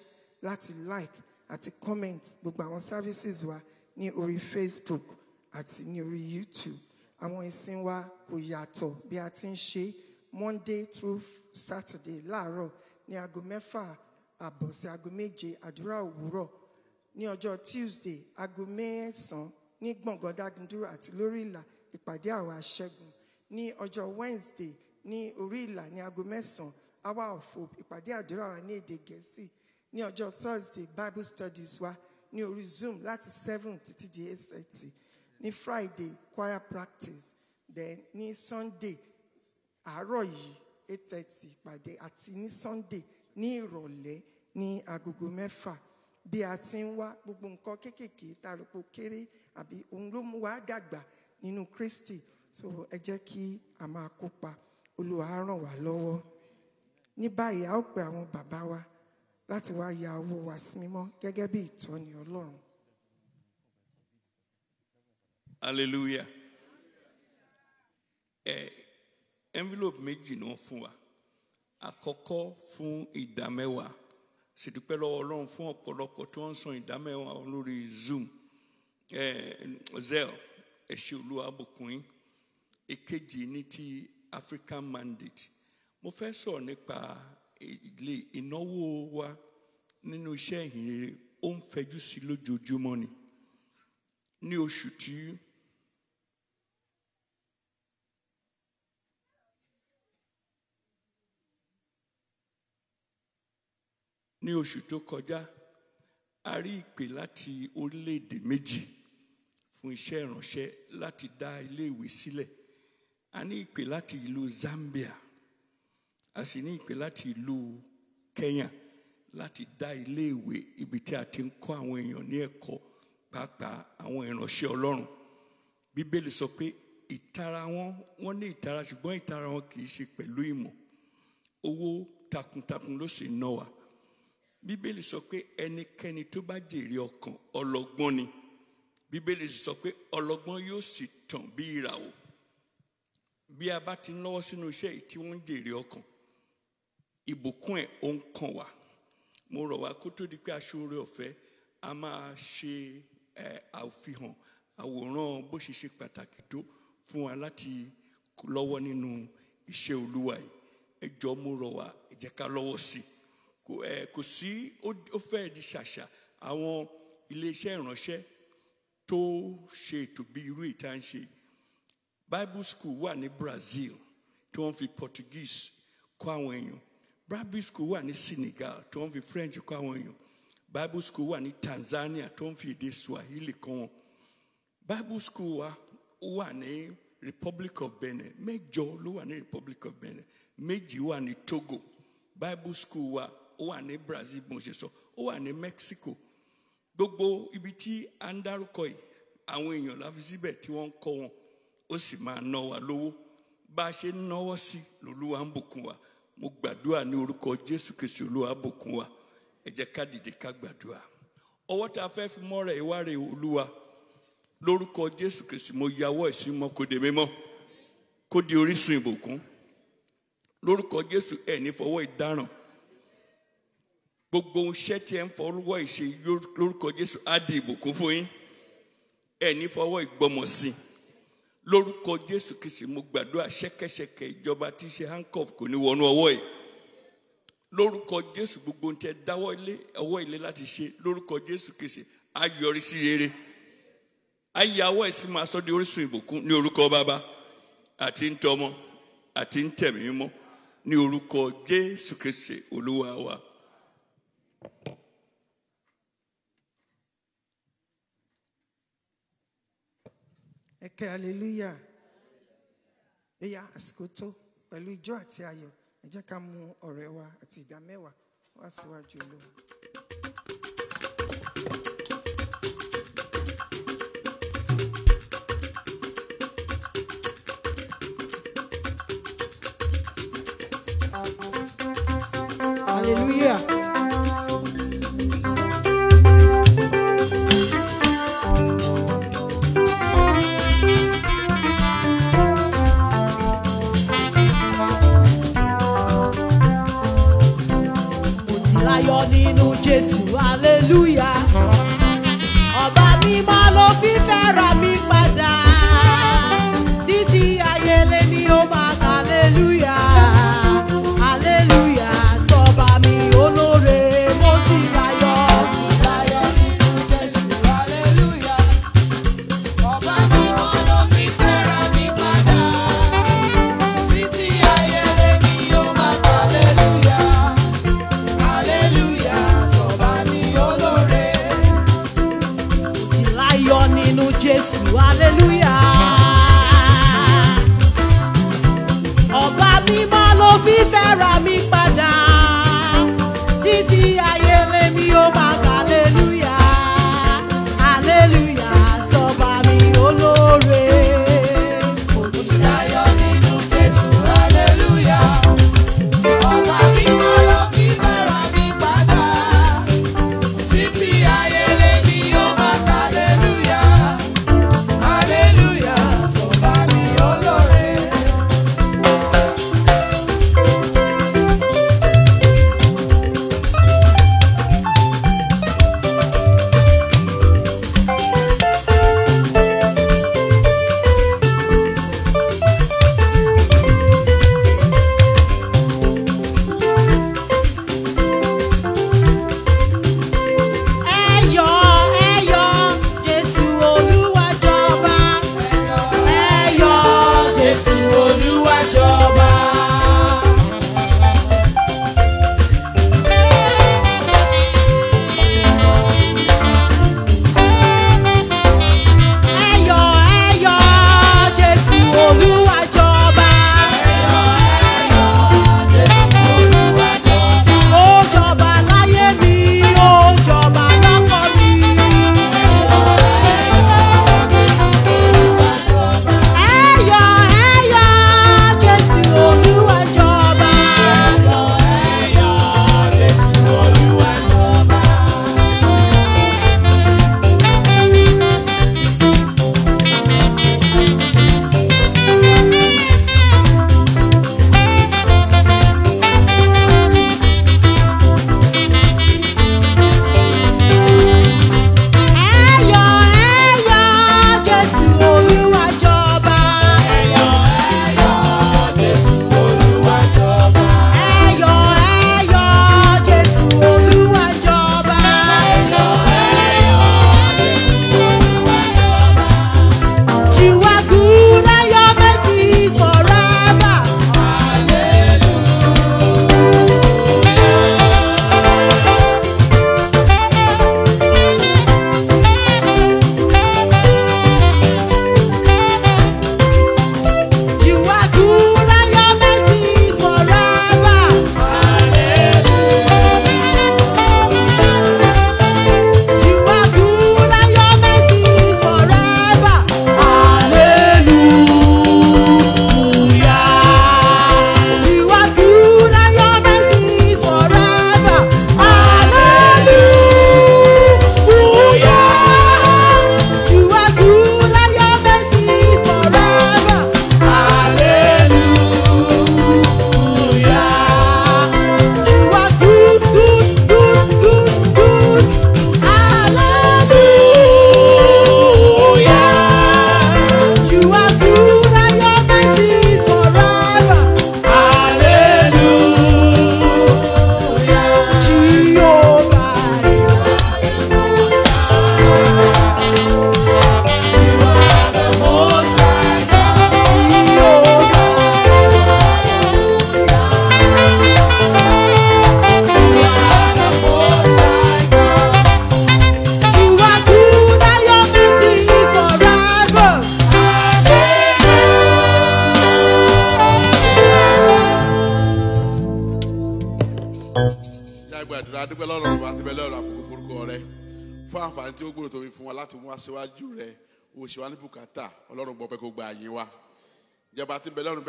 láti like àti comment gbogbo àwọn services wa ní orí Facebook àti ní orí YouTube àwọn ìsìn wa kò yàtọ̀ bí a ti ń ṣe Monday through Saturday láàárọ̀ ní aago mẹ́fà àbọ̀ sí aago méje àdúrà òwúrọ̀ ní ọjọ́ Tuesday aago mẹ́sàn-án ní gbọ̀ngàn Dágundúró àti lórí ìlà ìpàdé àwọn aṣẹ́gun ní ọjọ́ Wednesday ní orí ìlà ní aago mẹ́sàn-án hour of hope ìpàdé àdúrà wa ní èdè gẹ̀ẹ́sì ní ọjọ́ thursday bible studies wa ní orí zoom láti seven títí di eight thirty ní friday choir practice then ní sunday àárọ̀ yìí eight thirty ìpàdé àti ní sunday ní ìrọ̀lẹ́ ní agogo mẹ́fà bí a ti ń wá gbogbo nǹkan kéékèèké tá a rò pé kéré àbí òun ló mú wa dàgbà nínú kristi so ẹ jẹ́ kí a máa kópa olúwa á ràn wá lọ́wọ́ ní báyìí a ó pe àwọn bàbá wa láti wá ya owó wa sí mímọ́ gẹ́gẹ́ bí ìtọ́ni Ọlọ́run. hallelujah ẹ envelope méjì ni wọ́n fún wa àkọ́kọ́ fún ìdá mẹ́wàá ṣèdúpẹ́ lọ́wọ́ Ọlọ́run fún ọ̀pọ̀lọpọ̀ tí wọ́n ń san ìdá lórí Zoom ẹ zel ẹ ṣé Olúwa bùkún èkejì ní ti African Mandate mo fẹ́ sọ̀rọ̀ nípa ilé ìnáwó wa nínú iṣẹ́ ìhìnrere ó ń fẹjú sí lójoojúmọ́ ni ní oṣù tí ní oṣù tó kọjá a rí ìpè láti orílẹ̀-èdè méjì fún iṣẹ́ ìránṣẹ́ láti dá iléèwé sílẹ̀ a ní ìpè láti ìlú Zambia a sì ní ìpè láti ìlú Kenya láti dá iléèwé ibi tí a ti ń kọ́ àwọn èèyàn ní ẹ̀kọ́ pàápàá àwọn ìránṣẹ́ Ọlọ́run Bíbélì sọ pé ìtara wọn wọn ní ìtara ṣùgbọ́n ìtara wọn kì í ṣe pẹ̀lú ìmọ̀ owó takuntakun ló sì ná wa Bíbélì sọ pé ẹnikẹ́ni tó bá jèrè ọkàn ọlọ́gbọ́n ni Bíbélì sọ pé ọlọ́gbọ́n yóò sì tàn bí ìràwọ̀ bí a bá ti ń lọ́wọ́ sínú iṣẹ́ tí wọ́n ń jèrè ọkàn ìbùkún ẹ̀ ó ń kàn wá mo rọ̀ wá kó tó di pé aṣọ oore ọ̀fẹ́ a máa ṣe àfihàn àwòrán bó ṣe ṣe pàtàkì tó fún wa láti lọ́wọ́ nínú iṣẹ́ olúwa yìí ẹ mo rọ̀ wá ẹ ká lọ́wọ́ sí i kò sí ó fẹ́ di ṣàṣà àwọn iléeṣẹ́ ìránṣẹ́ tó ṣe ètò bí irú ìta ń ṣe Bible school wà ní Brazil tí wọ́n fi Portuguese kọ́ àwọn èèyàn bible school wà ní senegal tó ń fi french kọ́ àwọn èèyàn bible school wà ní tanzania tó ń fi èdè swahili kọ́ wọn bible school wa wà ní republic of benin mẹ́jọ ló wà ní republic of benin méjì wà ní togo bible school wa wà ní brazil bó ṣe sọ ó wà ní mexico gbogbo ibi tí a ń dárúkọ yìí àwọn èèyàn la fi síbẹ̀ tí wọ́n ń kọ́ wọn ó sì máa ná wa lówó bá a ṣe ń náwó sí lòlúwa ń bùkún wa. Lo mo gbàdúrà ní orúkọ jésù kristu olúwa bùkún wa ẹ jẹ́ ká dìde ká gbàdúrà ọwọ́ tá a fẹ́ fi mọ́ra ìwárè olúwa lórúkọ jésù kristu mo yàwọ́ ìsúnmọ́ kó de mímọ́ kó di orísun ìbùkún lórúkọ jésù ẹ̀ ní fọwọ́ ìdáràn gbogbo iṣẹ́ tí ẹ ń fọwọ́ ìṣe lórúkọ jésù á di ìbùkún fún yín ẹ̀ ní fọwọ́ ìgbọmọ̀ sí i lórúkọ jésù kìsì mo gbàdúrà ṣẹ̀kẹ̀ṣẹ̀kẹ̀ ìjọba tí í ṣe handcuff kò ní wọnú ọwọ́ yìí lórúkọ jésù gbogbo ń tẹ dáwọ́ ilé ọwọ́ ilé láti ṣe lórúkọ jésù kìsì á yọrí sí rere ayé awọ ẹsìn máa sọ di orísun ìbùkún ní orúkọ bàbá àti ntọmọ àti ntẹ̀mímọ́ ní orúkọ jésù kìsì olúwa wa. ẹ kẹ́ aleluya ó yá àsìkò tó pẹ̀lú ijó àti ayọ̀ ẹ jẹ́ ká mú ọ̀rẹ́ wa àti ìdá mẹ́wàá wá síwájú olóhùn. Hallelujah. Jésù hallelujah.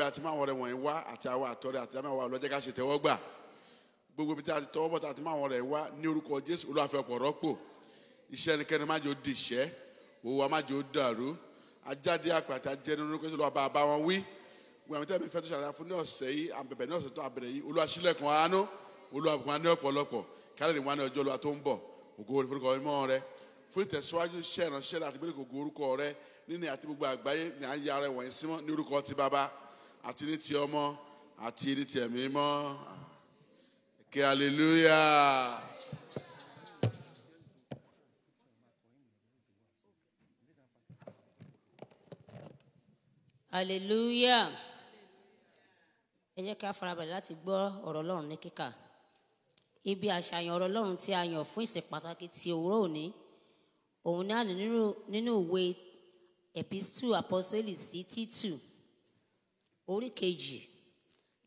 ọ̀rẹ́ àti máwọn ọ̀rẹ́ wọ̀nyí wá àti àwa àtọ̀rẹ́ àti àmì àwa ọlọ́jẹ́ ká ṣe tẹ́wọ́ gbà gbogbo ibi tí a ti tọwọ́ bọ̀ àti máwọn ọ̀rẹ́ wá ní orúkọ Jésù olúwàfẹ́ ọ̀pọ̀ rọ́pò iṣẹ́ ẹnikẹ́ni má jò di ìṣẹ́ òwò wa má jò dàrú ajáde àpàtà jẹ́ nínú kí olúwa bá a bá wọn wí gbogbo àmì tẹ́lẹ̀ fẹ́ tó ṣàlàyé fún ní ọ̀sẹ̀ yìí àbẹ̀bẹ̀ wa ní ọ̀pọ̀lọpọ̀ kálẹ̀ fún ìtẹ̀síwájú iṣẹ́ ìránṣẹ́ láti gbé orúkọ rẹ nínú àti gbogbo àgbáyé ní à ń yára ẹ̀wọ̀n ìsímọ́ ní orúkọ ti bàbá àti ní ti ọmọ àti ní ti ẹ̀mí mọ́ kí hallelujah. hallelujah ẹ jẹ́ ká farabalẹ̀ láti gbọ́ ọ̀rọ̀ ọlọ́run ní kíkà ibi àṣàyàn ọ̀rọ̀ ọlọ́run tí a yàn fún ìsìn pàtàkì ti òwúrọ̀ òní òun náà nínú ìwé epistle apostoli sí títù orí kejì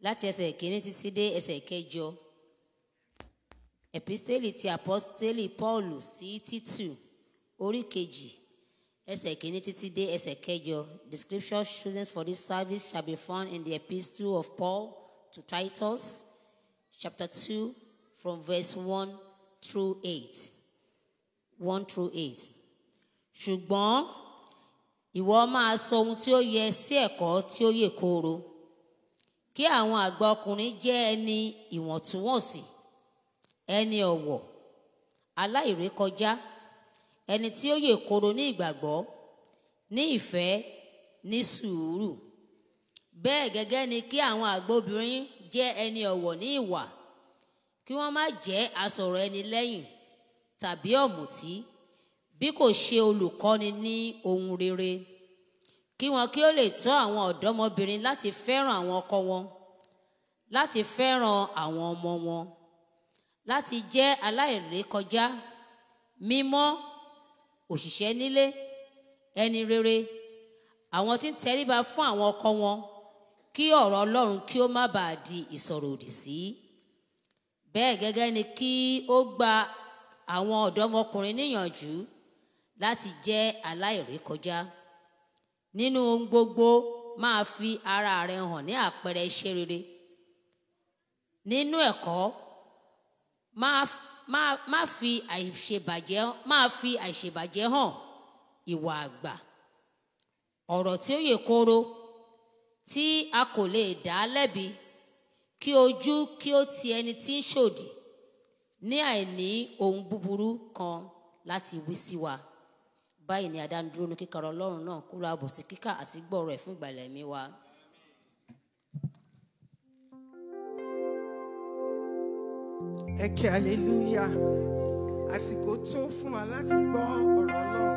láti ẹsẹ̀ kìíní títí dé ẹsẹ̀ kẹjọ episteli ti aposteli paul sí títù orí kejì ẹsẹ̀ kìíní títí dé ẹsẹ̀ kẹjọ the scripture students for this service shall be found in the epistle of paul to titus chapter two from verse one through eight one through eight ṣùgbọ́n. ìwọ máa sọ ohun tí ó yẹ sí ẹ̀kọ́ tí ó yè kooro kí àwọn àgbà ọkùnrin jẹ́ ẹni ìwọ̀ntúnwọ̀nsì ẹni ọ̀wọ̀ aláìrékọjá ẹni tí ó yè kooro ní ìgbàgbọ́ ní ìfẹ́ ní sùúrù bẹ́ẹ̀ gẹ́gẹ́ ni kí àwọn àgbà obìnrin jẹ́ ẹni ọ̀wọ̀ ní ìwà kí wọ́n má jẹ́ asọ̀rọ̀ ẹni lẹ́yìn tàbí ọ̀mùtí bí kò ṣe olùkọ́ni ní ohun rere kí wọn kí ó lè tọ́ àwọn ọ̀dọ́mọbìnrin láti fẹ́ràn àwọn ọkọ wọn láti fẹ́ràn àwọn ọmọ wọn láti jẹ́ aláìrékọjá mímọ́ òṣìṣẹ́ nílé ẹni rere àwọn tí ń tẹríba fún àwọn ọkọ wọn kí ọ̀rọ̀ Ọlọ́run kí ó má bàa di ìsọ̀rọ̀ òdì sí bẹ́ẹ̀ gẹ́gẹ́ ni kí ó gba àwọn ọ̀dọ́mọkùnrin níyànjú láti jẹ́ aláìrékọjá nínú ohun gbogbo máa fi ara rẹ hàn ní àpẹẹrẹ iṣẹ́ rere nínú ẹ̀kọ́ máa máa máa fi àìṣebàjẹ́ máa fi àìṣebàjẹ́ hàn ìwà àgbà ọ̀rọ̀ tí ó yè kóró tí a kò lè dá lẹ́bi kí ojú kí ó ti ẹni tí ń ṣòdì ní àìní ohun búburú kan láti wí sí wa báyìí ni adánudúró ní kíkà ọ̀rọ̀ ọlọ́run náà kúrò àbọ̀ kíkà àti gbọ́ọ̀rọ̀ ẹ̀ fún ìgbàlẹ̀ mi wa. ẹ kí aleluya àsìkò tó fún wa láti gbọ́ ọ̀rọ̀ ọlọ́run.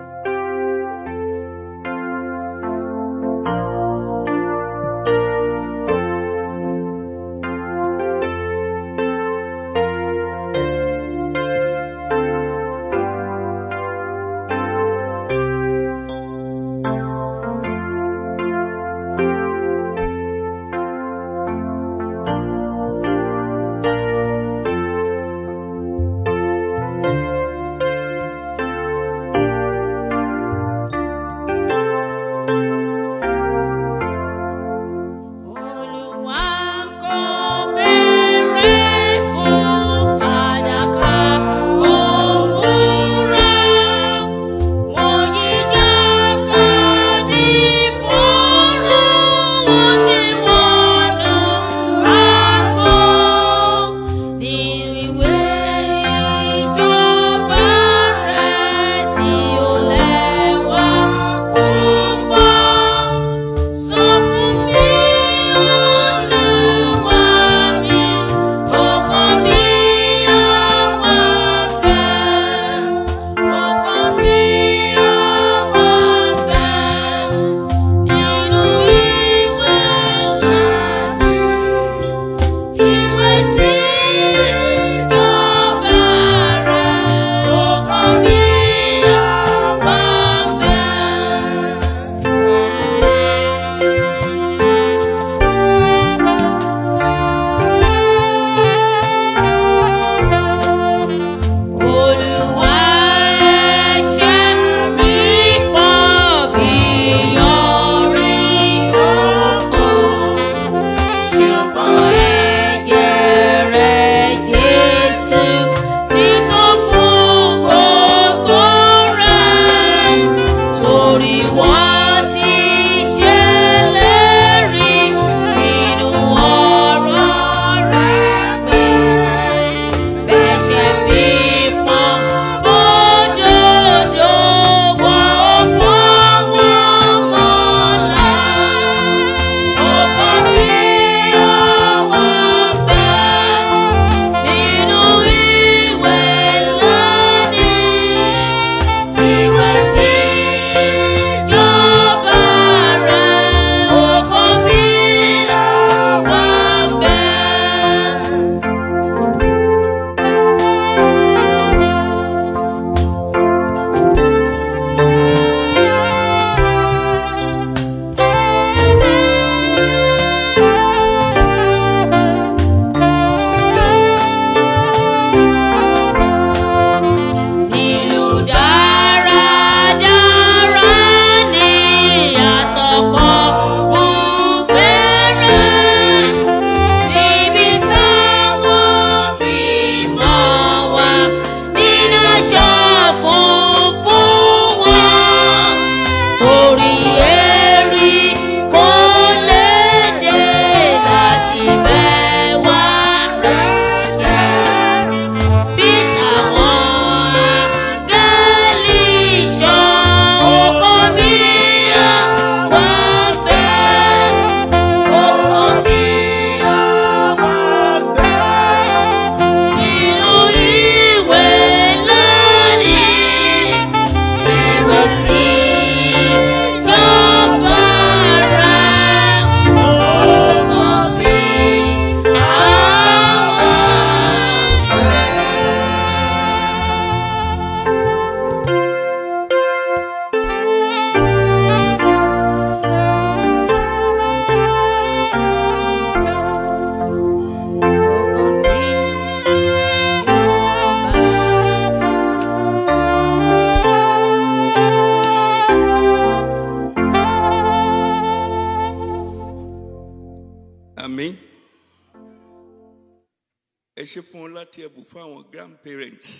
table fún àwọn grandparents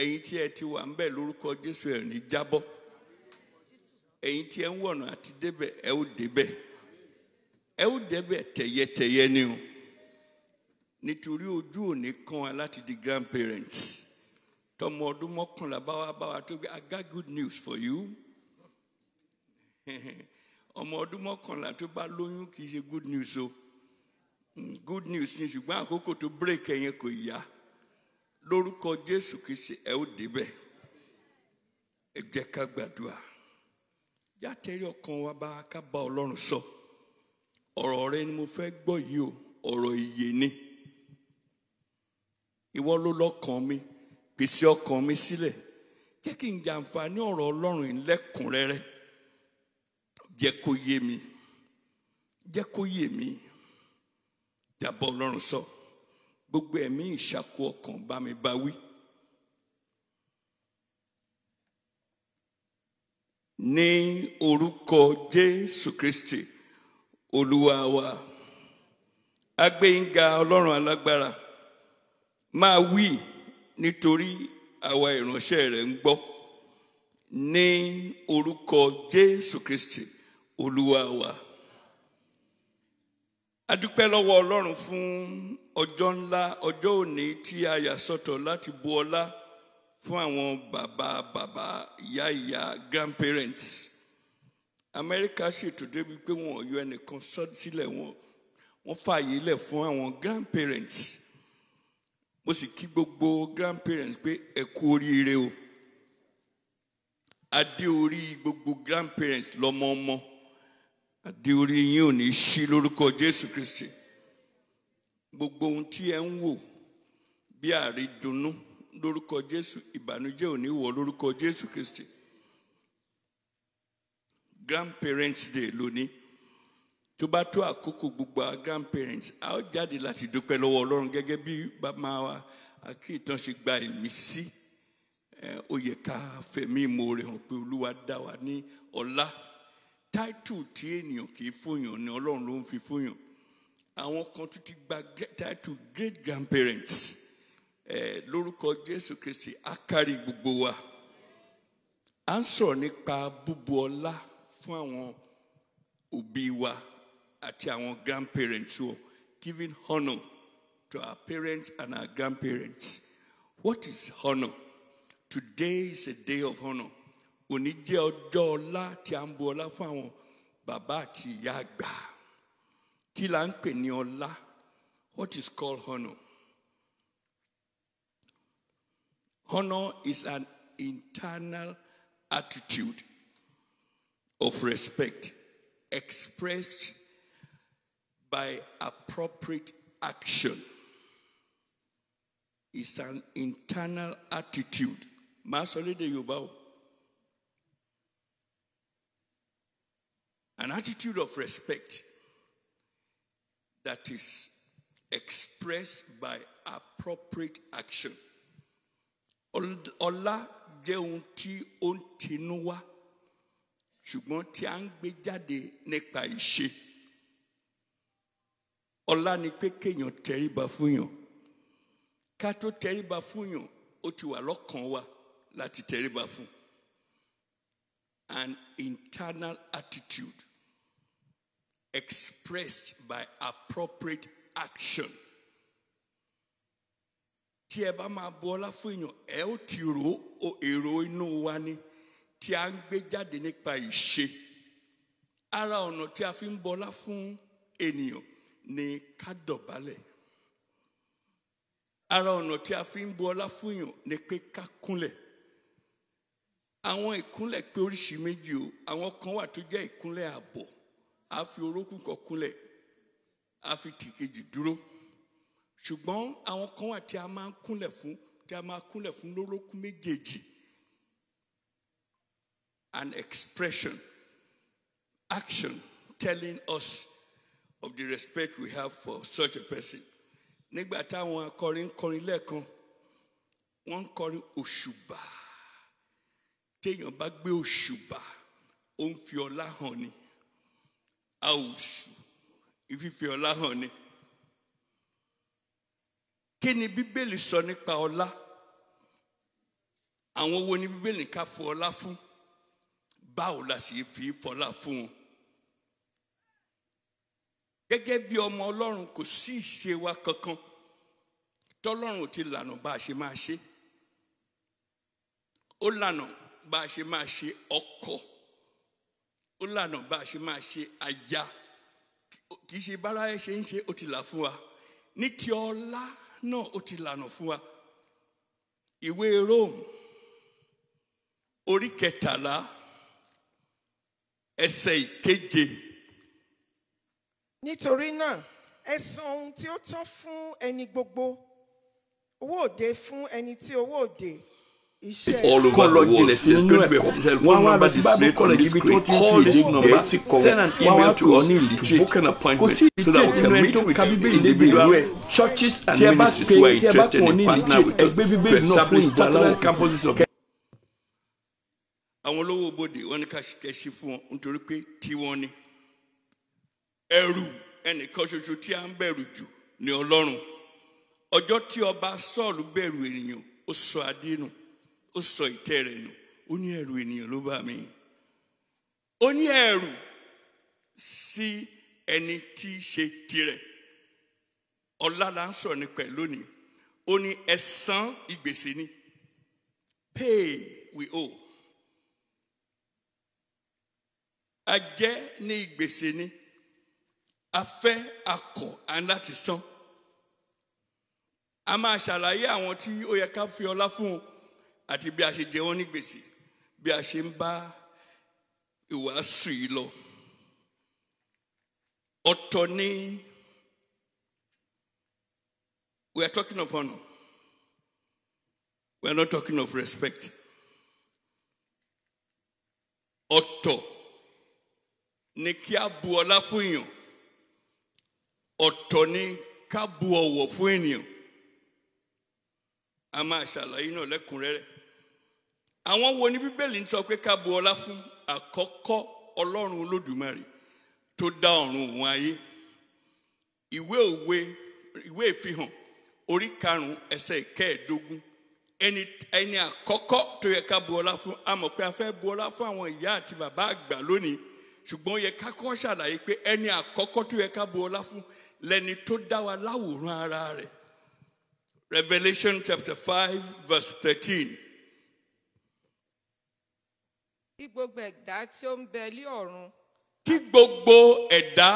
ẹ̀yin tí ẹ ti wà ń bẹ̀ lórúkọ Jésù ẹ̀ ní jábọ́ ẹ̀yin tí ẹ ń wọ̀nà àti débẹ̀ ẹ ó débẹ̀ ẹ ó débẹ̀ tẹ̀yẹtẹ̀yẹ ni o nítorí ojú òní kan láti di grandparents tọmọ ọdún mọ́kànlá báwa báwa tó gbé I got good news for you *laughs* ọmọ ọdún mọ́kànlá tó bá lóyún kì í ṣe good news o. So good news ni ṣùgbọ́n àkókò tó break yẹn kò yá lórúkọ Jésù Kristi ẹ ó débẹ̀ ẹ jẹ́ ká gbàdúrà yàtẹ̀rí ọkàn wa bá ká bá Ọlọ́run sọ ọ̀rọ̀ rẹ ni mo fẹ́ gbọ́ yìí o ọ̀rọ̀ ìyè ni ìwọ ló lọ́kàn mi pèsè ọkàn mi sílẹ̀ jẹ́ kí n jàǹfààní ọ̀rọ̀ Ọlọ́run yìí lẹ́kùnrẹ́rẹ́ jẹ́ kó yé mi. Jẹ́ kó yé mi jábọ́ ọlọ́run sọ gbogbo ẹ̀mí ìṣàkó ọkàn bá mi bá wí. ní orúkọ jésù kristi olúwa wa agbẹ́yìnga ọlọ́run alágbára máa wí nítorí àwa ìránṣẹ́ rẹ̀ ń gbọ́ ní orúkọ jésù kristi olúwa wa. Agbẹ́yìnga, a dúpẹ́ lọ́wọ́ ọlọ́run fún ọjọ́ ńlá ọjọ́ òní tí a yà sọ́tọ̀ láti bu ọlá fún àwọn bàbá bàbá ìyá ìyá grandparents amẹ́ríkà ṣètò débi pé wọn ò yọ ẹnìkan sílẹ̀ wọn wọ́n fààyè lẹ̀ fún àwọn grandparents mo sì kí gbogbo grandparents pé ẹ kú oríire o adé orí gbogbo grandparents lọ́mọ ọmọ àdí orí yín ò ní ṣí lórúkọ Jésù Kristi gbogbo ohun tí ẹ ń wò bí àrídùnnú lórúkọ Jésù ìbànújẹ́ ò ní wọ̀ lórúkọ Jésù Kristi grandparents day lónìí tó bá tó àkókò gbogbo our grandparents a ó jáde láti dúpẹ́ lọ́wọ́ Ọlọ́run gẹ́gẹ́ bí bàbá wa Akíntàn ṣe gba ìmísí ó yẹ ká fẹ̀mí ìmoore hàn pé Olúwa dá wa ní ọlá. táìtù tí ènìyàn kì í fúnyàn ni ọlọ́run ló ń fúnyàn àwọn kan tún ti gba great grandparents lórúkọ jésù christi akari kárí gbogbo wa à ń sọ̀rọ̀ nípa búbu ọlá fún àwọn òbí wa àti àwọn grandparents giving honour to our parents and our grandparents what is honour today is a day of honour òní jẹ́ ọjọ́ ọlá tí a ń bu ọlá fún àwọn bàbá àti ìyá àgbà kí la ń pè ní ọlá what is called honor honor is an internal attitude of respect expressed by appropriate action Is an internal attitude màá sọ lédè Yorùbá o. an attitude of respect that is expressed by appropriate action. Ọlá jẹ́ unti ti wà lọ́kàn wa láti tẹríba fún. An internal attitude expressed by appropriate action. tí ẹ bá máa bu ọlá fún èèyàn ẹ ó ti rò ó èrò inú wa ni tí a ń gbé jáde nípa ìṣe ara ọ̀nà tí a fi ń bọlá fún ènìyàn ni ká dọ̀bálẹ̀ ara ọ̀nà tí a fi ń bọlá fún èèyàn ni pé ká kúnlẹ̀ àwọn ìkúnlẹ̀ pé oríṣi méjì o àwọn kan wà tó jẹ́ ìkúnlẹ̀ àbọ̀ a fi orókùn kan kúnlẹ̀ a fi tìkejì dúró ṣùgbọ́n àwọn kan wà tí a máa ń kúnlẹ̀ fún tí a máa kúnlẹ̀ fún lórókùn méjèèjì an expression action telling us of the respect we have for such a person nígbà táwọn akọrin kọrin lẹ́ẹ̀kan wọ́n ń kọrin òṣùbà téèyàn bá gbé òṣùbà ó ń fi ọlá hàn ni àwùsù ìfífi ọlá hàn ni kí ni bíbélì sọ nípa ọlá àwọn wo ni bíbélì ká fọ ọlá fún báwo la sì fi fọlá fún wọn gẹ́gẹ́ bí ọmọ ọlọ́run kò sí ìṣe wa kankan tọ́lọ́run ti lànà bá a ṣe máa ṣe ó lànà bá a ṣe máa ṣe ọkọ̀ ó lànà bá a ṣe máa ṣe aya kì í ṣe bára ẹ ṣe ń ṣe ó ti là fún wa ní ti ọlá náà ó ti lànà fún wa ìwé Rome orí kẹtàlá ẹsẹ̀ ìkeje. nítorí náà ẹ san ohun tí ó tọ́ fún ẹni gbogbo owó òde fún ẹni tí owó òde all over the world send twenty people to help phone number display on the screen call this number send an email to us to book an appointment so that we can meet with individual churches and ministries who are interested in partnering with us to establish satellite campuses of. àwọn olówó bòde wọn ní ká ṣe fún wọn nítorí pé tí wọn ní ẹrù ẹnìkan ṣoṣo tí a ń bẹ̀rù jù ní ọlọ́run ọjọ́ tí ọba sọ́ọ̀lù bẹ̀rù ènìyàn ó sọ adé nù ó sọ ìtẹ́ rẹ̀ nù ó ní ẹ̀rù ènìyàn ló bá mi ó ní ẹ̀rù sí ẹni tí í ṣe tirẹ̀ ọ̀la là ń sọ̀rọ̀ nípa ẹ̀ lónìí ó ní ẹ̀san ìgbèsè ni pay we owe a jẹ́ ní ìgbèsè ni a fẹ́ akọ̀ à ń láti san a máa ṣàlàyé àwọn tí ó yẹ ká fi ọlá fún un àti bí a ṣe jẹ wọ́n ní gbèsè bí a ṣe ń bá ìwàásù yìí lọ ọ̀tọ̀ ni we are talking of honour we are not talking of respect ọ̀tọ̀ ni kí a bu ọlá fún èèyàn ọ̀tọ̀ ni ká bu ọ̀wọ̀ fún ènìyàn a máa ṣàlàyé náà lẹ́kùnrẹ́rẹ́ àwọn wo ni bíbélì ń sọ pé ká bu ọlá fún àkọ́kọ́ ọlọ́run olódùmarè tó dá ọ̀run òun ayé ìwé òwe ìwé ìfihàn orí karùn-ún ẹsẹ̀ ìkẹẹ̀ẹ́dógún ẹni ẹni àkọ́kọ́ tó yẹ ká bu ọlá fún a mọ̀ pé a fẹ́ bu ọlá fún àwọn ìyá àti bàbá àgbà lónìí ṣùgbọ́n ó yẹ ká kọ́ ṣàlàyé pé ẹni àkọ́kọ́ tó yẹ ká bu ọlá fún lẹni tó dá wa láwòrán ara rẹ̀ Revelation chapter five verse thirteen kí gbogbo ẹ̀dá tí ó ń bẹ lí ọ̀run. kí gbogbo ẹ̀dá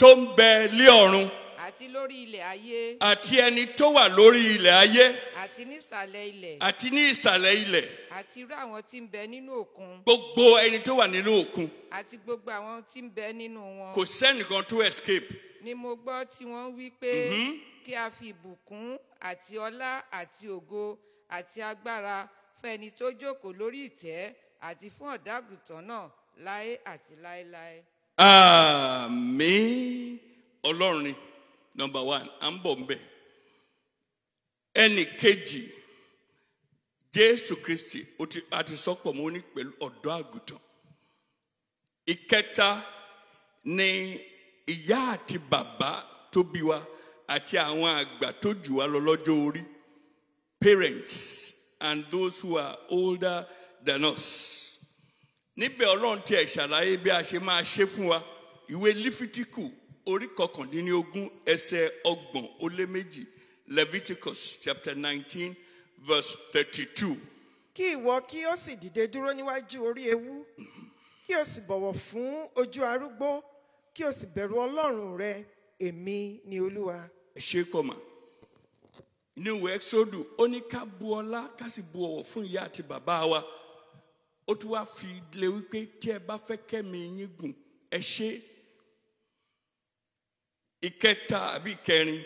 tó ń bẹ lí ọ̀run. àti lórí ilẹ̀ ayé. àti ẹni tó wà lórí ilẹ̀ ayé. àti ní ìsàlẹ̀ ilẹ̀. àti ní ìsàlẹ̀ ilẹ̀. àti irú àwọn tí ń bẹ nínú òkun. gbogbo ẹni tó wà nínú òkun. àti gbogbo àwọn tí ń bẹ nínú wọn. kò sẹ́nìkan tó escape. ni mo gbọ́ tí wọ́n wí pé mhm. kí a fi ìbùkún àti ọlá àti ògo àti agbára fún ẹni tó jókòó lórí ìtẹ́ àti fún ọ̀dàgùtàn náà láé àti láéláé. àmín ọlọ́run ni number one à ń bọ̀ mbẹ̀ ẹnì kejì jésù kristi àti sọ́pọ̀ mọ́ ní pẹ̀lú ọ̀dọ́ àgùtàn ìkẹta ni ìyá àti bàbá tó bí wa àti àwọn àgbà tó jù wá lọ lọ́jọ́ orí parents and those who are older than us níbẹ̀ ọlọ́run tiẹ̀ ṣàlàyé bí a ṣe máa ṣe fún wa ìwé lífítíkù orí kọkàndínlógún ẹsẹ̀ ọgbọ̀n ó lé méjì leviticus chapter nineteen verse thirty-two. kí ìwọ kí ó sì dìde dúró níwájú orí ewu kí o sì bọ̀wọ̀ fún ojú arúgbó kí o sì bẹ̀rù ọlọ́run rẹ èmi ni olúwa. ẹ ṣe kọ́ mà nínú ìwé exodus ó ní ká bu ọlá ká sì bu ọ̀wọ̀ fún ìyá àti bàbá wa ó tún wá fi lé wípé tí ẹ bá fẹ́ kẹ́mi yín gùn ẹ ṣe ìkẹta àbí ìkẹrin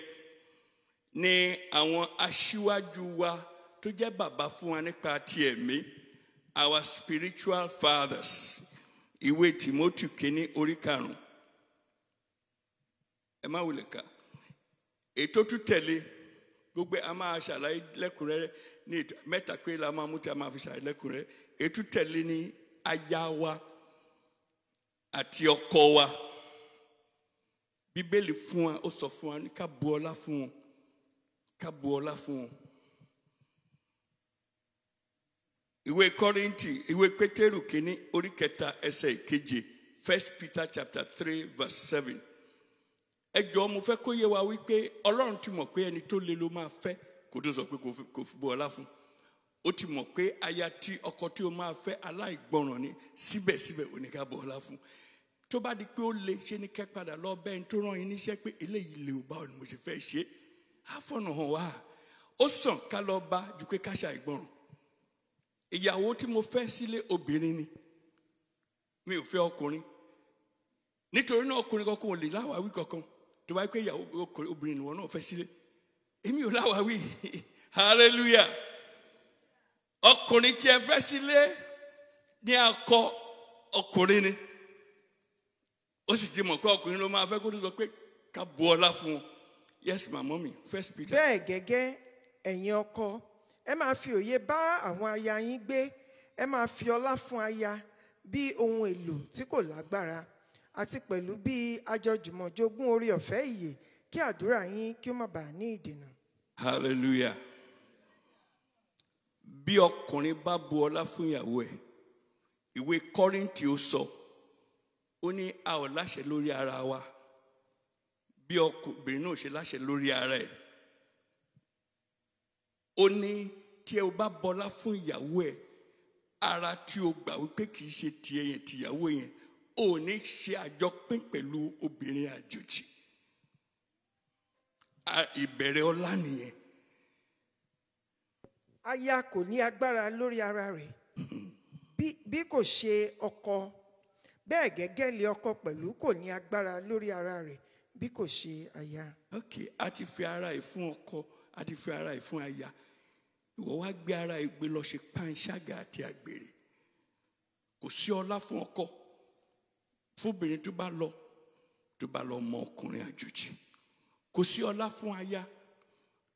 ni àwọn aṣíwájú wa tó jẹ́ bàbá fún wa nípa ti ẹ̀mí our spiritual fathers ìwé Timothy kínní orí karùn-ún ẹ má wulẹ̀ ká ètò tún tẹ̀lé gbogbo a máa ṣàlàyé lẹ́kùnrẹ́rẹ́ ní mẹ́ta pé la máa mú tí a máa fi ṣàlàyé lẹ́kùnrẹ́rẹ́ ètú tẹ̀lé ní aya wa àti ọkọ wa bíbélì fún wa ó sọ fún wa ní ká bu ọlá fún wọn ká bu ọlá fún wọn. ìwé kọ́rìntì ìwé pétérù kínní orí kẹta ẹsẹ̀ ìkeje first peter chapter three verse seven ẹ jọ̀ọ́ mo fẹ́ kó yé wa wípé ọlọ́run ti mọ̀ pé ẹni tó le ló máa fẹ́ kó tó sọ pé kò bu ọlá fún un ó ti mọ̀ pé aya tí ọkọ tí o máa fẹ́ aláìgbọràn ni síbẹ̀síbẹ̀ ò ní ká bọ̀ ọ́lá fún tó bá di pé ó le ṣe ni kẹ́ padà lọ bẹ́ẹ̀ tó rán yín níṣẹ́ pé eléyìí lè bá ọ ni mo ṣe fẹ́ ṣe á fọ̀nà hàn wá ó sàn ká lọ bá ju pé ká ṣàìgbọràn ìyàwó tí mo fẹ́ sílé obìnrin ni mi ò fẹ́ ọkùnrin nítorí náà ọkùnrin kankan ò lè láwàáwí kankan tó bá yẹ pé ìyàwó obìnrin nìwọ náà fẹ́ sílé èmi ò láwàáwí *laughs* hallelujah ọkùnrin tí ẹ fẹ́ sílé ní akọ ọkùnrin ni ó sì ti mọ̀ pé ọkùnrin ló máa fẹ́ kó tó sọ pé ká bu ọlá fún un yes my mommy first Peter. bẹ́ẹ̀ gẹ́gẹ́ ẹ̀yin ọkọ ẹ máa fi òye bá àwọn aya yín gbé ẹ máa fi ọlá fún aya bí ohun èlò tí kò lágbára àti pẹ̀lú bí ajọjùmọ̀jogún orí ọ̀fẹ́ ìyè kí àdúrà yín kí ó má bàa ní ìdènà. hallelujah bí ọkùnrin bá bu ọlá fún ìyàwó ẹ̀ ìwé kọ́rìntì ó sọ ó ní a ò láṣẹ lórí ara wa bí ọkùnrin náà ṣe láṣẹ lórí ara ẹ̀ ó ní tí o bá bọlá fún ìyàwó ẹ̀ ara tí o gbà wípé kì í ṣe tiẹ̀ yẹn tìyàwó yẹn ò ní ṣe àjọpín pẹ̀lú obìnrin àjòjì ìbẹ̀rẹ̀ ọlá nìyẹn aya kò ní agbára lórí ara rẹ̀ bí kò ṣe ọkọ bẹ́ẹ̀ gẹ́gẹ́ lé ọkọ pẹ̀lú kò ní agbára lórí ara rẹ̀ bí kò ṣe aya. ok a ti fi ara ẹ fún ọkọ a ti fi ara ẹ fún aya ìwọ wá gbé ara ẹ gbé lọ ṣe panṣágà àti àgbèrè kò sí ọlá fún ọkọ fóbìnrin tó bá lọ tó bá lọ mọ ọkùnrin àjòjì kò sí ọlá fún aya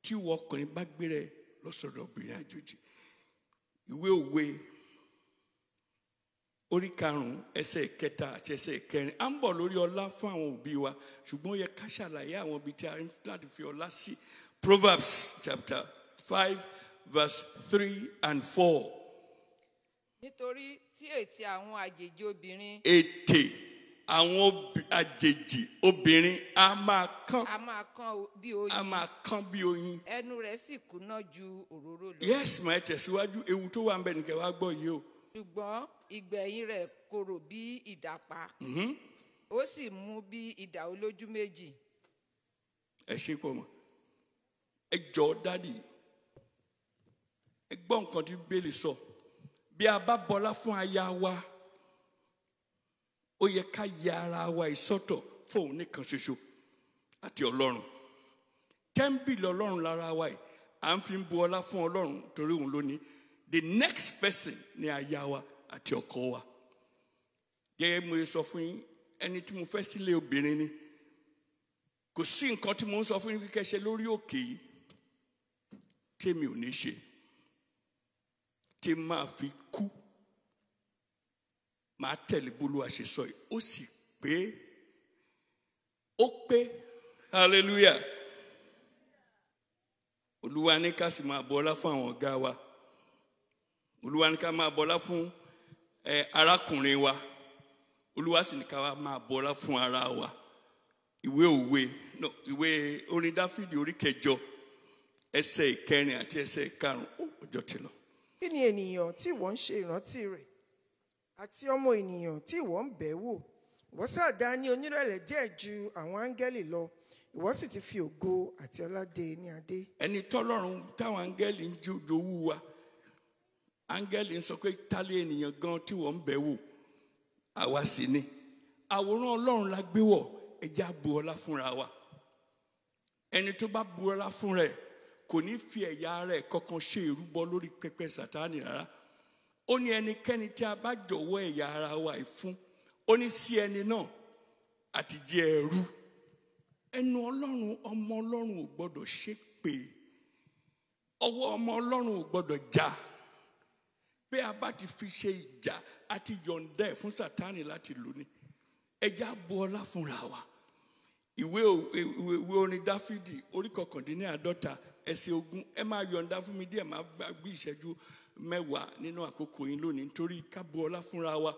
tí ìwọ ọkùnrin bá gbé rẹ lọ́sọ̀dọ̀ obìnrin àjòjì ìwé òwe orí karùnún ẹsẹ̀ kẹta àti ẹsẹ̀ kẹrin à ń bọ̀ lórí ọlá fún àwọn òbí wa ṣùgbọ́n ó yẹ ká ṣàlàyé àwọn ibi tí a ń láti fi ọlá sí Proverbs chapter five verse three and four. nítorí tí ètè àwọn àjèjì obìnrin. ètè àwọn àjèjì obìnrin a máa kán. a máa kán bí oyin. a máa kán bí oyin. ẹnu rẹ̀ sì kúnná ju òróró lọ. yes mà ẹ tẹ̀síwájú ewu tó wà ń bẹ̀ nìkẹ́ wá gbọ́ yìí o. ṣùgbọ́n ìgbẹ̀yìn rẹ̀ korò bí ìdàpá. Mhm. ó sì mú bí idà olójú méjì. ẹ ṣe pọ̀ mọ́ ẹ jọ dádì ẹ gbọ́ nǹkan tí bẹ́ẹ̀ lè sọ bí a bá bọlá fún aya wa. So ó yẹ ká ya ara wa ìsọ́tọ̀ fún òun nìkan ṣoṣo àti ọlọ́run tẹ́ḿbìlì ọlọ́run lára wa yìí à ń fi ń bu ọlá fún ọlọ́run torí òun ló ní the next person ni aya wa àti ọkọ wa gẹ́gẹ́ mo sọ fún yín ẹni tí mo fẹ́ sílé obìnrin ni kò sí nǹkan tí mo ń sọ fún yín kíkẹ́ ṣe lórí òkè yìí tèmi ò ní ṣe tí máa fi kú màá tẹ̀lé bólúwa ṣe sọ yìí ó sì pé ó pé hallelujah olúwa ní ká sì máa bọlá fún àwọn ọ̀gá wa olúwa ní ká máa bọlá fún ẹ arákùnrin wa olúwa sì ní ká máa bọlá fún ara wa ìwé òwe no ìwé orin dáfídì orí kẹjọ ẹsẹ̀ ìkẹrin àti ẹsẹ̀ ìkarùn ó jọ ti lọ. kí ni ènìyàn tí wọ́n ń ṣe ìrántí rẹ̀ àti ọmọ ènìyàn tí ìwọ ń bẹ̀ wò ìwọ sáà dá ní onírẹ̀lẹ̀ díẹ̀ ju àwọn áńgẹ́lì lọ ìwọ sì ti fi ògo àti ọlá dé ní adé. ẹni tọ́lọ́run táwọn áńgẹ́lì ń jowú wa áńgẹ́lì ń sọ pé tálẹ̀ ènìyàn gan tí wọ́n ń bẹ̀ wò àwa sì ni àwòrán ọlọ́run la gbé wọ̀ ẹjẹ́ á bu ọlá fúnra wa ẹni tó bá bu ọlá fúnra ẹ̀ kò ní fi ẹ̀yà rẹ̀ kankan ṣe ìrúbọ lórí pẹpẹ sàtáànì rárá ó ní ẹnikẹ́ni tí a bá jọ̀wọ́ ẹ̀yà ara wa ìfún ó ní sí ẹni náà àti jẹ ẹrú ẹnu ọlọ́run ọmọ ọlọ́run ò gbọ́dọ̀ ṣépè ọwọ́ ọmọ ọlọ́run ò gbọ́dọ̀ jà pé a bá ti fi ṣe ìjà àti yọ̀ǹda ẹ̀ fún sátánì láti lò ní ẹja bu ọlá fúnra wa ìwé ìwé orin dáfídì orí kọkàndínláàdọ́ta ẹsẹ̀ ogún ẹ máa yọ̀ǹda fún mi díẹ̀ máa gbé ìṣẹ́jú mẹ́wàá nínú àkókò yìí lónìí nítorí kábù ọlá fúnra wa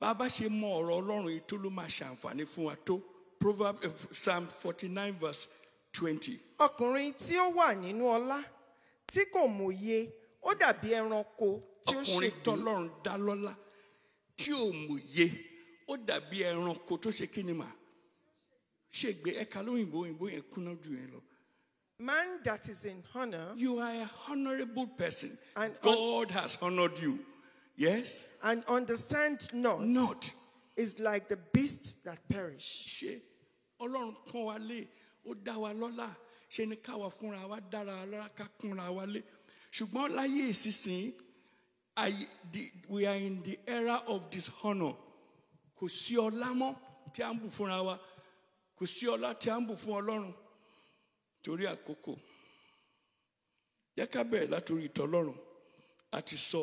bá a bá ṣe mọ ọ̀rọ̀ ọlọ́run yìí tó ló máa ṣàǹfààní fún wa tó proverb eh, psalm forty nine verse twenty. ọkùnrin tí ó wà nínú ọlá tí kò mòye ó dàbí ẹranko tí ó ṣègbé. ọkùnrin tọ́lọ́run dá lọ́lá tí ò mòye ó dàbí ẹranko tó ṣe kí ni mà ṣègbé ẹ̀ka lóyìnbó òyìnbó yẹn kúnná jù yẹn lọ. Man that is in honor. You are a honorable person. And God has honored you. Yes? And understand not. Not. Is like the beasts that perish. ṣe ni káwa fúnra wa dára lọ́lá ká kúnra wa lé. Ṣùgbọ́n láyé we are in the era of dishonour. Kò sí ọlá mọ́ tí a ń bù fúnra wa. Kò sí ọlá tí a ń bù fún Ọlọ́run. torí àkókò yẹ ká bẹ̀rẹ̀ látòrí ìtọ́lọ́run àti sọ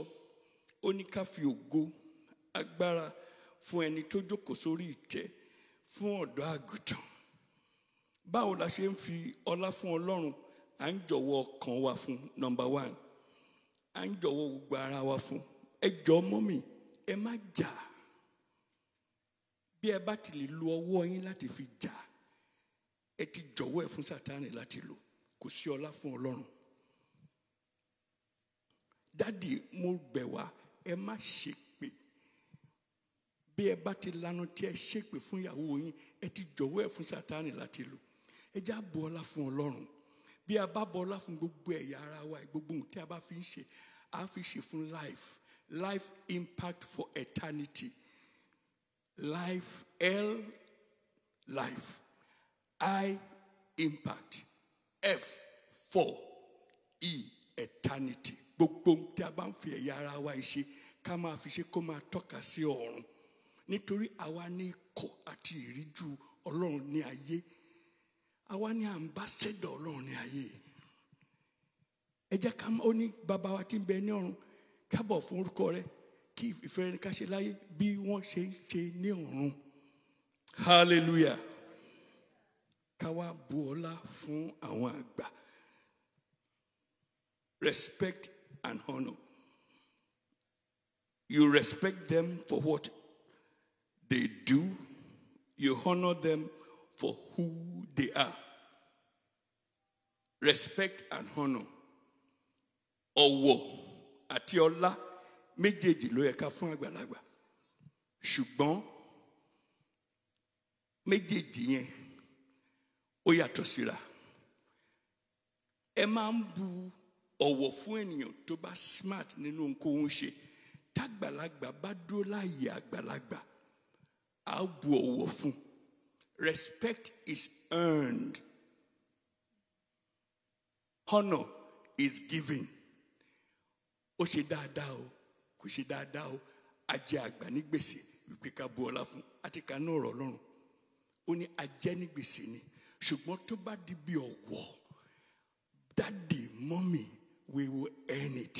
ó ní ká fi ògo agbára fún ẹni tó jókòó sórí ìtẹ́ fún ọ̀dọ́ àgùntàn báwo la ṣe ń fi ọlá fún ọlọ́run à ń jọ̀wọ́ ọkàn wa fún nọmba one à ń jọ̀wọ́ gbogbo ara wa fún ẹ jọ mọ́ mi ẹ má jà bí ẹ bá ti lè lo ọwọ́ yín láti fi jà ẹ ti jọ̀wọ́ ẹ̀ fún sátánì láti lò kò sí ọlá fún ọlọ́run dádì mo bẹ̀ wá ẹ má ṣépè bí ẹ bá ti lanu tí ẹ ṣépè fún ìyàwó yín ẹ ti jọ̀wọ́ ẹ̀ fún sátánì láti lò ẹ já bọ ọlá fún ọlọ́run bí a bá bọ ọlá fún gbogbo ẹ̀yà ara wa gbogbo ohun tí a bá fi ń ṣe a fi ṣe fún life life impact for eternity life l life. I, impact. F, four E, eternity. Gbogbo ohun tí a bá ń fi ẹ̀yà ara wa ṣe ká máa fi ṣe kó máa tọ́ka sí ọ̀run. Nítorí àwa ní ikọ̀ àti ìríjú Ọlọ́run ní ayé. Àwa ní ambassador Ọlọ́run ní ayé. Ẹ jẹ́ ká ó ní bàbá wa tí ń bẹ ní ọ̀run kábọ̀ fún orúkọ rẹ kí ìfẹ́ rẹ ká ṣe láyé bí wọ́n ṣe ń ṣe ní ọ̀run. Hallelujah. ká wá fún àwọn àgbà respect and honour you respect them for what they do you honour them for who they are respect and honour ọ̀wọ̀ àti ọlá méjèèjì ló yẹ ká fún àgbàlagbà ṣùgbọ́n méjèèjì yẹn. ó yàtọ̀ síra ẹ máa ń bu ọ̀wọ̀ fún ènìyàn tó bá smart nínú ohunkóhun ṣe tágbàlagbà bá dúró láàyè àgbàlagbà á bu ọ̀wọ̀ fún respect is earned honour is given ó ṣe dáadáa o kò ṣe dáadáa o ajẹ́ àgbà ní gbèsè wípé ká bu ọlá fún àti ká ọ̀rọ̀ ọlọ́run ó ní ajẹ́ ní ni. Gbèsè, ni ṣùgbọ́n tó bá di bí ọ̀wọ́ dáàdì mọ́mì we will earn it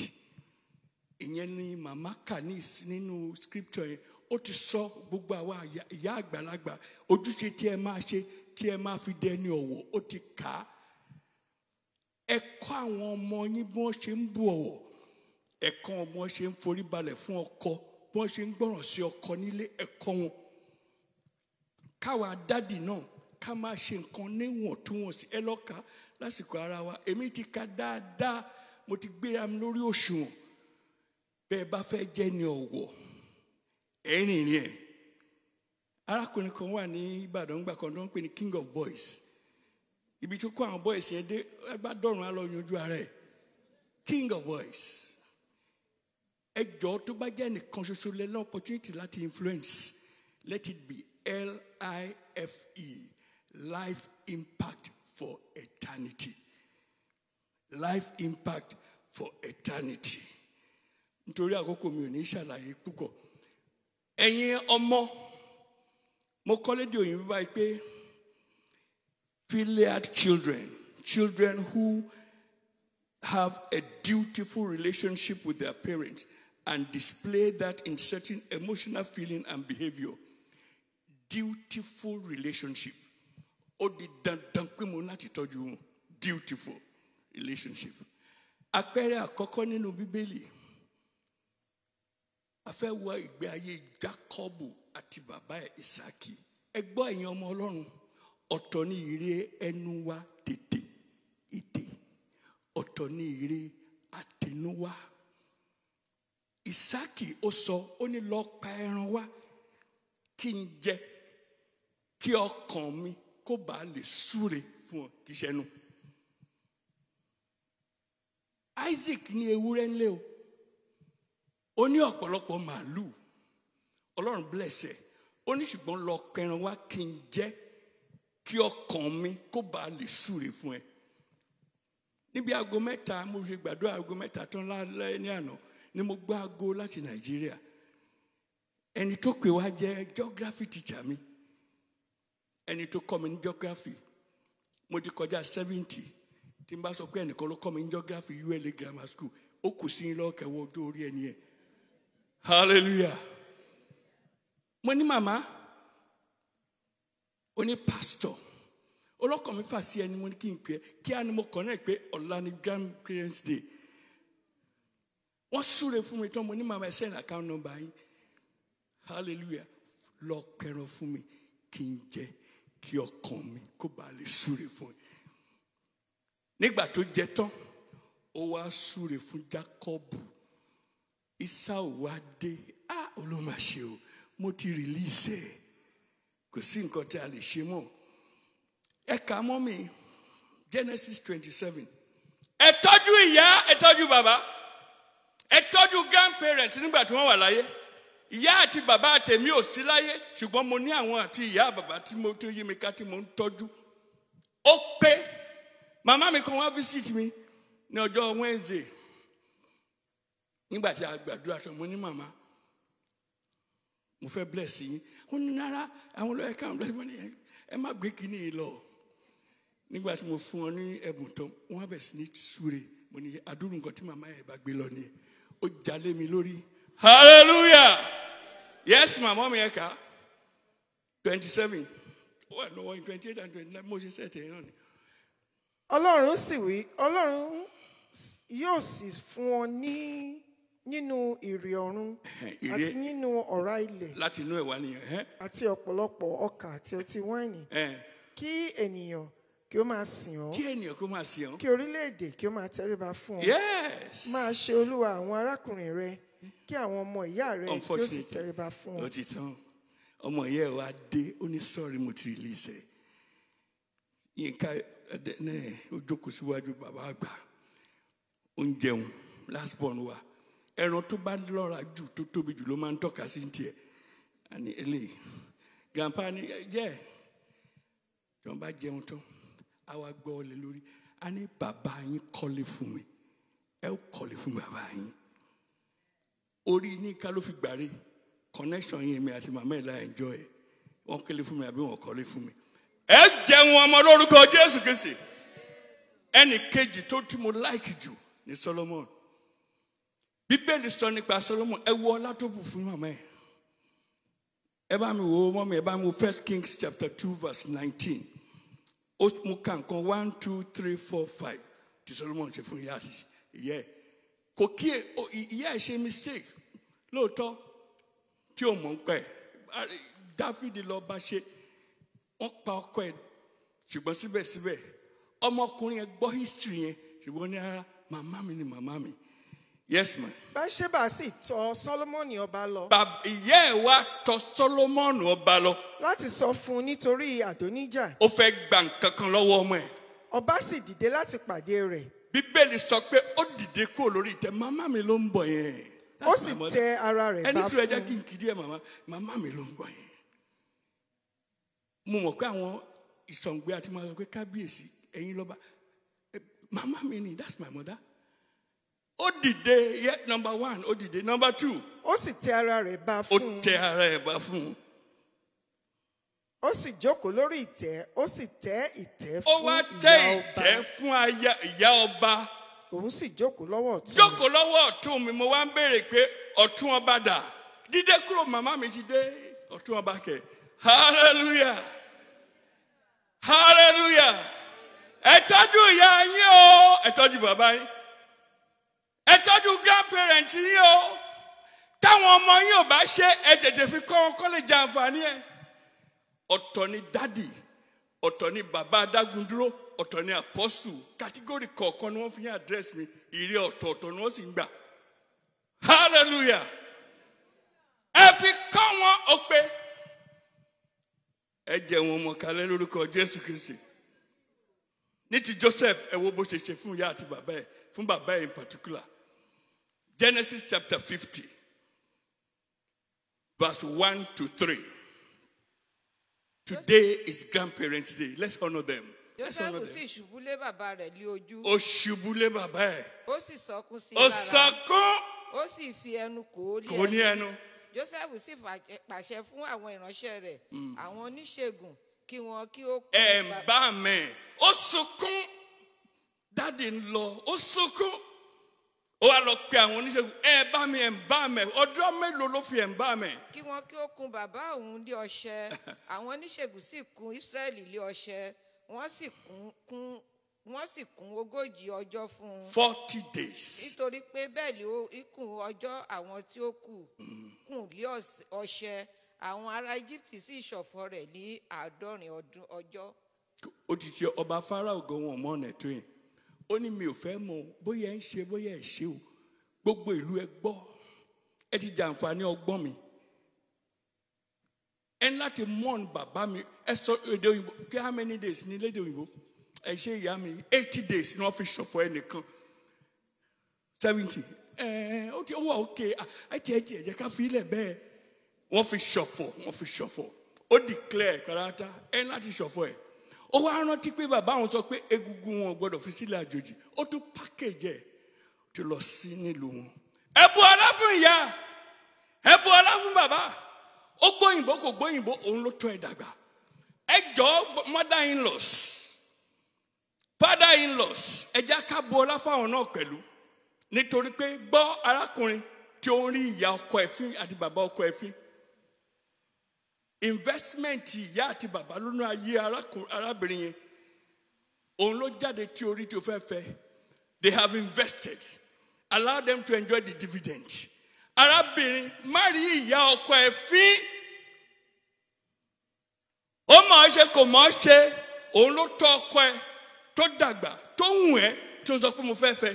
ìyẹn ni màmá kà ní nínú scripture yẹn ó ti sọ gbogbo àwa ìyá àgbàlagbà ojúṣe tí ẹ máa ṣe tí ẹ máa fi dẹni ọ̀wọ̀ ó ti kà á ẹ kọ́ àwọn ọmọ yín bí wọ́n ṣe ń bu ọ̀wọ̀ ẹ bí wọ́n ṣe ń forí balẹ̀ fún ọkọ bí wọ́n ṣe ń gbọ́ràn sí ọkọ nílé ẹ wọn káwa dádì náà ká máa ṣe nǹkan níwọ̀ntúnwọ̀nsì ẹ lọ́ka lásìkò ara wa èmi ti ka dáadáa mo ti gbéra mi lórí òṣùwọ̀n bẹ́ẹ̀ bá fẹ́ jẹ́ ní ọ̀wọ̀ ẹ̀rìn rìn ẹ̀ arákùnrin kan wà ní Ìbàdàn gbà kan tó ń pè ní King of Boys ibi tó kó àwọn boys yẹn dé ẹ bá á lọ yanjú ara ẹ̀ King of Boys ẹ jọ̀ọ́ tó bá jẹ́ nìkan ṣoṣo lẹ́nu opportunity láti influence let it be L-I-F-E life impact for eternity. Life impact for eternity. Nítorí àkókò mi ò ní ṣàlàyé púpọ̀. Ẹ̀yin ọmọ, mo kọ́ lédè pé filial children, children who have a dutiful relationship with their parents and display that in certain emotional feeling and behavior. Dutiful relationship. ó di dandan pé mo láti tọ́jú wọn beautiful relationship àpẹẹrẹ àkọ́kọ́ nínú bíbélì a fẹ́ wo ìgbé ayé Jákọ́bù àti bàbá ẹ̀ Ísákì ẹ ẹ̀yin ọmọ Ọlọ́run ọ̀tọ̀ ni ire ẹnu wa tètè ètè ọ̀tọ̀ ni ire àtẹnuwá Ísákì ó sọ ó ní lọ pa ẹran wá kí n jẹ kí ọkàn mi kó bàa lè súre fún ọ kì í ṣẹnu. Isaac ní ewúrẹ́ ńlẹ́ o ó ní ọ̀pọ̀lọpọ̀ màálùú ọlọ́run blẹ̀sẹ̀ ó ní ṣùgbọ́n lọ pẹran wá kí n jẹ́ kí ọkàn mi kó bàa lè súre fún ẹ níbi aago mẹ́ta mo ṣe gbàdúrà aago mẹ́ta tán lálẹ́ ní àná ni mo gbọ́ aago láti Nàìjíríà ẹni tó pè wá jẹ́ geography teacher mi ẹni tó kọ́ mi ní geography mo ti kọjá seventy tí n bá sọ pé ẹnìkan ló kọ́ mi ní geography ULA grammar school ó kù sí lọ́kẹ̀wọ́ ọjọ́ orí ẹni yẹn hallelujah mo ní màmá ó ní pastor ọlọ́kọ̀ mi fà sí ẹni mo ní kí n pè é kí á ni mo kàn náà pé ọ̀la ni grand parents day wọ́n súre fún mi tán mo ní màmá ẹ send account number yín hallelujah lọ pẹran fún mi kí n jẹ kí ọkàn mi kó bàa lè súre fún ẹ nígbà tó jẹ tán ó wá súre fún Jákọ́bù Ísáù wá dé á olóma ṣe o mo ti rìlíìsì ẹ kò sí nǹkan tí a lè ṣe mọ́ ẹ kà á mi Genesis twenty seven ẹ tọ́jú ìyá ẹ tọ́jú bàbá ẹ tọ́jú grandparents nígbà tí wọ́n wà láyé ìyá àti bàbá àtẹ̀mí ò sí láyé ṣùgbọ́n mo ní àwọn àti ìyá bàbá tí mo tó yí mi ká tí mo ń tọ́jú ó pé màmá mi kan wá visit mi ní ọjọ́ Wednesday nígbà tí a gbàdúrà sọ mo ní màmá mo fẹ́ bless yín ó ní rárá àwọn olóyè káwọn bless wọn ẹ má gbé kínní yìí lọ nígbà tí mo fún ọ ní ẹ̀bùn tán wọ́n bẹ̀ sí ní súre mo ní adúrú nǹkan tí màmá yẹn bá gbé lọ ni ó jalé mi lórí hallelujah. Yes, my mom, Eka. 27. Well, no, in 28 and 29, Moses said, Ọlọ́run sì wí, Ọlọ́run yóò sì fún ọ ní nínú ìrì ọ̀run àti nínú ọ̀rá ilẹ̀. Láti inú ẹ̀wà nìyẹn. Àti ọ̀pọ̀lọpọ̀ ọkà àti ọtí wáìnì. Kí ènìyàn kí ó máa sìn ọ́. kí ènìyàn kó máa sìn ọ́. kí orílẹ̀-èdè kí ó máa tẹríba fún ọ. yes. máa ṣe olúwa àwọn arákùnrin rẹ kí àwọn ọmọ ìyá rẹ kí ó sì tẹríba fún ọ. ọtí tán ọmọ ìyá ẹ wá dé ó ní sọ́ọ̀rì mo ti rìlíìsì ẹ̀ yínká ẹ̀dẹ́nẹ́ ó jókòó síwájú bàbá àgbà ó ń jẹun last born wa ẹran tó bá lọ́ra jù tó tóbi jù ló máa ń tọ́ka sí tiẹ̀ àní eléyìí grandpa ni jẹ́ tí wọ́n bá jẹun tán á wá gbọ́ ọ lé lórí a ní bàbá yín kọ́lé fún mi ẹ ó kọ́lé fún bàbá yín. orí ní ká ló fi gbàre connection yẹn mi àti màmá ẹ̀ la enjoy ẹ̀ wọ́n kélé fún mi àbí wọ́n kọ́lé fún mi. ẹ jẹun ọmọ lórúkọ Jésù Kristi ẹnì kejì tó tí mo like jù ní Solomon bíbélì sọ nípa Solomon ẹ wo ọlá tó bù fún màmá ẹ̀ ẹ bá mi wo mọ́ mi ẹ bá mi wo First Kings chapter two verse nineteen ó mú ka nǹkan one two three four five tí Solomon ṣe fún ìyá ẹ̀ kò kí ìyá ẹ̀ ṣe mistake lóòótọ́ tí ò mọ̀ ń pẹ́ dáfídì lọ bá ṣe wọ́n pa ọkọ ẹ̀ ṣùgbọ́n síbẹ̀síbẹ̀ ọmọkùnrin yẹn gbọ́ history yẹn ṣùgbọ́n ní ara ah, màmá mi ni màmá mi yes ma. báṣẹ́bà sì tọ̀ sọ́lọ́mọ́nì ọba lọ. ìyá ẹ̀ wá tọ̀ sọ́lọ́mọ́nì ọba lọ. láti sọ fún un nítorí àdóníjà. ó fẹ́ gba nǹkan kan lọ́wọ́ ọmọ ẹ̀. ọba sì dìde láti pàdé rẹ̀. bíbélì sọ pé ó dìde kúrò lórí ìtẹ́ màmá mi ló ń bọ̀ yẹn ó sì tẹ ara rẹ̀ bá fún ẹni sùn rẹ̀ jẹ́ kí n kiri ẹ̀ màmá màmá mi ló ń gbọ́ yẹn mo mọ̀ pé àwọn ìsọ̀ǹgbẹ àti màmá pé kábíyèsí ẹ̀yin lọ́ba màmá mi ni that's my mother ó dìde yẹ number one ó dìde number two ó sì tẹ ara rẹ̀ bá fún ó tẹ ara rẹ̀ bá fún un ó sì jókòó lórí ìtẹ́ ó sì tẹ́ ìtẹ́ fún ìyá ọba ó wá tẹ́ ìtẹ́ fún ìyá ọba òun sì jókòó lọ́wọ́ ọ̀tún. jókòó lọ́wọ́ ọ̀tún mi mo wá ń béèrè pé ọ̀tún ọba dà dídé kúrò màmá mi ti dé ọ̀tún ọba kẹ̀ hallelujah hallelujah ẹ tọ́jú ìyá yín o ẹ tọ́jú bàbá yín ẹ tọ́jú grandparent yín o táwọn ọmọ yín ò bá ṣe ẹ tètè fi kọ́ wọn àǹfààní ẹ ọ̀tọ̀ ni dádì ọ̀tọ̀ ni bàbá adágundúró ọ̀tọ̀ ni apọ́sù kàtígórì kọ̀ọ̀kan ni wọ́n fi ń àdírẹ́sì mi ìrè ọ̀tọ̀ọ̀tọ̀ ni wọ́n sì ń gbà hallelujah ẹ fi kọ́ wọn ọ̀pẹ ẹ jẹ wọn mọ̀ kalẹ̀ lórúkọ jésù kristi ní ti joseph ẹ wo bó ṣe ṣe fún ìyá àti bàbá ẹ fún bàbá ẹ in particular genesis chapter fifty verse one to three today is grandparents day let's honour them. Jósẹ́fù sì ṣubú lé bàbá rẹ̀ lé ojú. Ó ṣubú lé bàbá ẹ̀. Ó sì sọkún sí i lára. o sọkún. Ó sì fi ẹnu kò ó lé ẹnu. Kò ní ẹnu. Jósẹ́fù sì pàṣẹ fún àwọn ìránṣẹ́ rẹ̀, hmm. àwọn oníṣègùn kí wọn kí ó Ẹ ń bá mi, ó sunkún, dáàdi ń lọ, ó sunkún ó wá lọ pe àwọn oníṣègùn ẹ bá mi ẹ ń bá mi ọdún mélòó ló fi ẹ ń bá mi. kí wọn kí ó kun bàbá òun lé ọṣẹ *laughs* àwọn oníṣègùn sì kun Ísírẹ́lì lé ọṣẹ wọ́n sì kún wọ́n sì kún ogójì ọjọ́ fún un. forty days. nítorí pé bẹ́ẹ̀ ló ikùn ọjọ́ àwọn tí ó kù mm. kùn lé ọṣẹ àwọn ará Egypt sì ṣọ̀fọ̀ rẹ̀ ní àádọ́rin ọdún ọjọ́. ó ọba Fáráò gan wọn mọ ọ̀nà tó yẹn ó ní mi ò fẹ́ mọ bóyá ń ṣe bóyá ẹ ṣe o gbogbo ìlú ẹ gbọ́ ẹ ti jàǹfààní ọgbọ́n mi ẹ ní láti mourn bàbá mi ẹ sọ èdè òyìnbó kí how many days Ni lédè òyìnbó ẹ ṣe ìyá mi eighty days ni wọ́n fi ṣọ̀fọ̀ ẹnìkan seventy ẹ ó ti wà òkè ẹ tiẹ̀ tiẹ̀ jẹ́ ká fi ilẹ̀ bẹ́ẹ̀ wọ́n fi ṣọ̀fọ̀ wọ́n fi ṣọ̀fọ̀ ó clear karata ẹ ní láti ṣọ̀fọ̀ ẹ̀ ó wá rántí pé bàbá àwọn sọ pé egungun wọn gbọdọ̀ fi sílẹ̀ àjòjì ó tún package ẹ̀ ti lọ sí nílùú wọn ẹ bu ọlá fún ìyá ẹ bu ọlá fún bàbá ó gbóyìnbó kò gbóyìnbó òun ló tọ́ ẹ dàgbà ẹ jọ mother in laws father in laws ẹ jẹ́ ká bu ọlá fáwọn náà pẹ̀lú nítorí pé gbọ́ arákùnrin tí ó ń rí ìyá ọkọ ẹ̀ àti bàbá ọkọ ẹ̀ investment ìyá àti bàbá lónú ayé arábìnrin yẹn òun ló jáde tí orí tí o fẹ́ fẹ́ they have invested allow them to enjoy the dividend. arábìnrin má ìyá ọkọ ẹ fi ó mọ̀ ṣe kò ṣe òun ló tọ ọkọ ẹ tó dàgbà tó hùn ẹ tó sọ pé mo fẹ́ fẹ́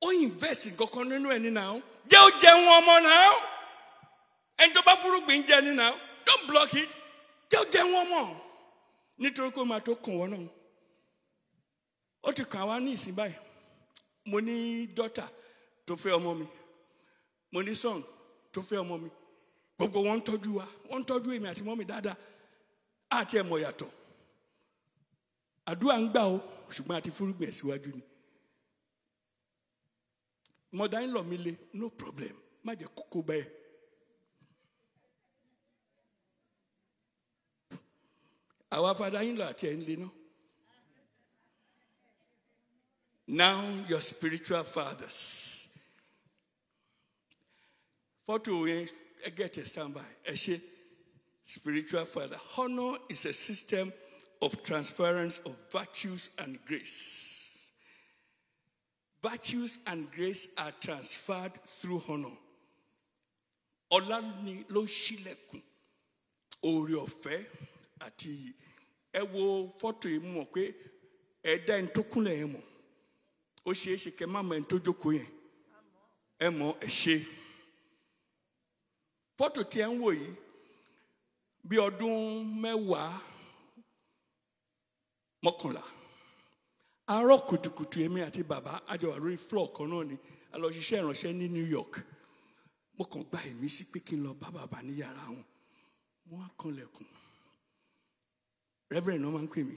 ó invest kankan nínú ẹ nínú àwọn jẹ́ ó jẹun ọmọ náà ẹni tó bá fúrúgbìn jẹ nínú àwọn don't block it jẹ́ ó ọmọ nítorí kó máa tó kàn wọ́n náà ó ti kàn wá ní ìsìn báyìí mo ní dọ́tà tó fẹ́ ọmọ mi mo ní sọ̀n tó fẹ́ ọmọ mi gbogbo wọn ń tọ́jú wa wọ́n ń tọ́jú èmi àti mọ́mi dáadáa àti ẹ̀mọ́ yàtọ̀ àdúrà ń gbà o ṣùgbọ́n àti fúrúgbìn síwájú ni mọ̀dá ń lọ mi le no problem má jẹ́ kókó bẹ́ẹ̀. àwa fada yín lọ àti ẹ̀ ń le náà. Now your spiritual fathers photo yẹn ẹ get a standby ẹ ṣe spiritual father honour is a system of transference of virtues and grace virtues and grace are transferred through honour ọlá ni ló ṣílẹ̀kùn oore ọ̀fẹ́ àti iyì ẹ wo fọ́tò yìí mọ̀ pé ẹ̀dá ẹni tó kúnlẹ̀ yẹn mọ̀ ó ṣeé ṣe má mọ ẹni tó jókòó yẹn ẹ mọ̀ ẹ ṣe fọ́tò tí ẹ ń wò yìí bí ọdún mẹ́wàá mọ́kànlá àárọ̀ kùtùkùtù èmi àti bàbá àjọwà lórí floor kan náà ni a lọ ṣiṣẹ́ ìránṣẹ́ ní New York mo kàn gba èmi sí pé kí n lọ bá bàbá ní yàrá wọn mo wá kanlẹ̀kùn reverend náà máa ń pè mí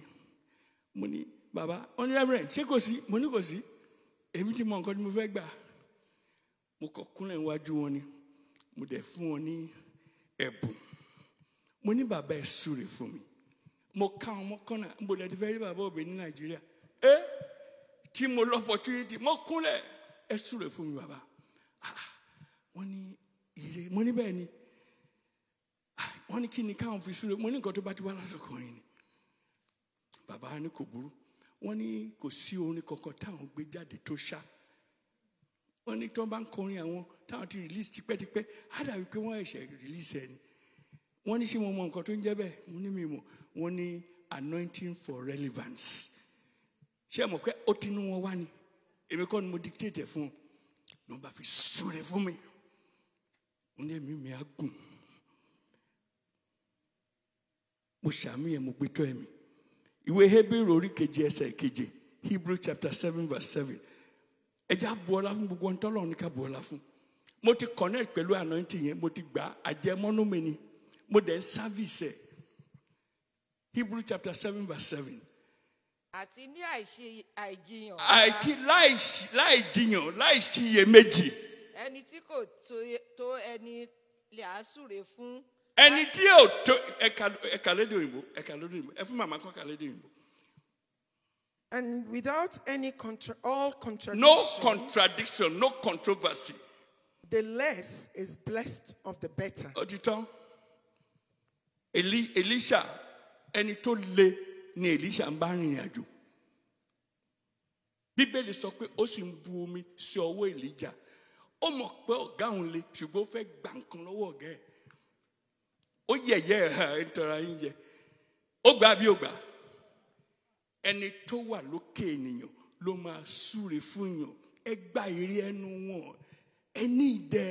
mo ní bàbá ó ní reverend ṣé kò sí mo ní kò sí èmi ti mọ nǹkan tí mo fẹ́ gbà mo kàn kúnlẹ̀ níwájú wọn ni mo dẹ̀ fún wọn ní ẹ̀bùn mo ní bàbá ẹ̀ súre fún mi mo ká wọn mọ́kànnà mo lẹ́ẹ̀dí fẹ́ rí bàbá òbí ní nàìjíríà ẹ tí mo lọ opportunity mo kúnlẹ̀ ẹ súre fún mi bàbá ah, wọ́n ní ire mo ní bẹ́ẹ̀ ni ah, wọ́n ní kí ni káwọn fi súre mo ní nǹkan tó bá ti wá lásìkò ni bàbá ni kò burú wọ́n ní kò sí orin kankan táwọn gbé jáde tó ṣá wọ́n ní tí wọ́n bá ń kọrin àwọn táwọn ti release tipẹ́tipẹ́ á dàbí pé wọ́n ẹ̀ṣẹ̀ release ẹni wọ́n ní ṣé mo mọ nǹkan tó ń jẹ́ bẹ́ẹ̀ mo ní mi mọ̀ wọ́n ní anointing for relevance ṣé mo pé ó ti nú wọn wá ni èmi kọ́ ni mo dictate fún un ní wọ́n bá fi súre fún mi mo ní èmi mi á gùn mo ṣàmì ẹ̀ mo gbé tọ́ ẹ̀mí ìwé hebrew orí keje ẹsẹ̀ keje Hebrew chapter seven verse seven ẹ jẹ́ àbúọ́lá fún gbogbo ntọ́lọ́ ní ká búọ́lá fún mo ti connect pẹ̀lú ànántì yẹn mo ti gbà àjẹmọ́nú ni mo dẹ̀ ń service ẹ̀ Hebrew chapter seven verse seven. àti ní àìṣe àìjiyàn. àìjí láìjiyàn láìṣiyèméjì. ẹni tí kò tó ẹni lè àásùrè fún. ẹni tí yóò tó ẹ̀ka lédè òyìnbó ẹ̀ka lédè òyìnbó ẹ fún màmá kan ẹ̀ka lédè òyìnbó. And without any contra- all contradiction. No contradiction, no controversy. The less is blessed of the better. Ọdítọ́, Eli, Elisha, ẹni tó le ni Elisha ń bá Bíbélì sọ pé ó sì ń bu omi sí ọwọ́ Elijah. Ó mọ̀ pé ọ̀gá òun le ṣùgbọ́n ó fẹ́ gbà nǹkan lọ́wọ́ ọ̀gá ẹ̀. ye yẹ̀yẹ́ ẹ̀ ẹ̀ jẹ. Ó gbà bí ó gbà. ẹni tó wà lókè ènìyàn ló máa súre fún yàn ẹ gba ìrí ẹnu wọn ẹ ní ìdẹ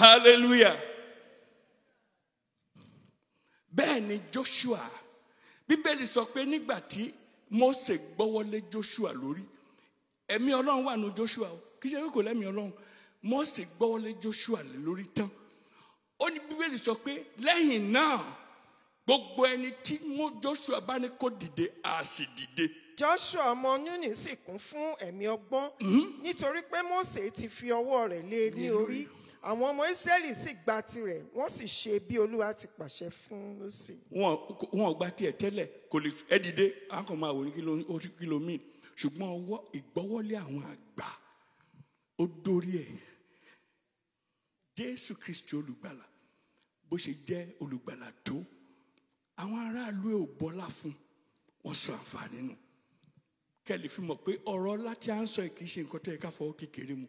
hallelujah bẹ́ẹ̀ ni Joshua bíbélì sọ pé nígbà tí Mósè gbọ́wọ́lé Joshua lórí ẹ̀mí Ọlọ́run wà nù Joshua o kì í ṣe pé kò lẹ́mí Ọlọ́run Mósè gbọ́wọ́lé Joshua lórí tán ó ní bíbélì sọ pé lẹ́yìn náà gbogbo ẹni tí mú joshua bá ní kó dìde a sì dìde. joshua ọmọ nuni sì kún fún ẹ̀mí ọgbọ́n mm-hmm. nítorí pé mose ti fi ọwọ́ rẹ̀ lé e ní orí àwọn ọmọ israẹli sì gba tirẹ̀ wọ́n sì ṣe bí olúwa ti pàṣẹ fún mose. wọn ò gba tiẹ̀ tẹ́lẹ̀ kò lè ẹ dìde a kò máa wò ní kìlómítì ṣùgbọ́n ọwọ́ ìgbọ́wọ́lé àwọn àgbà ó dórí ẹ̀ jésù kristi olùgbàlà bó ṣe jẹ́ olùgbàlà tó àwọn aráàlú ò bọ́lá fún wọn sọ àǹfààní nù kẹ́lì fi mọ̀ pé ọ̀rọ̀ láti à ń sọ kì í ṣe nǹkan tó yẹ ká fọwọ́ kékeré mu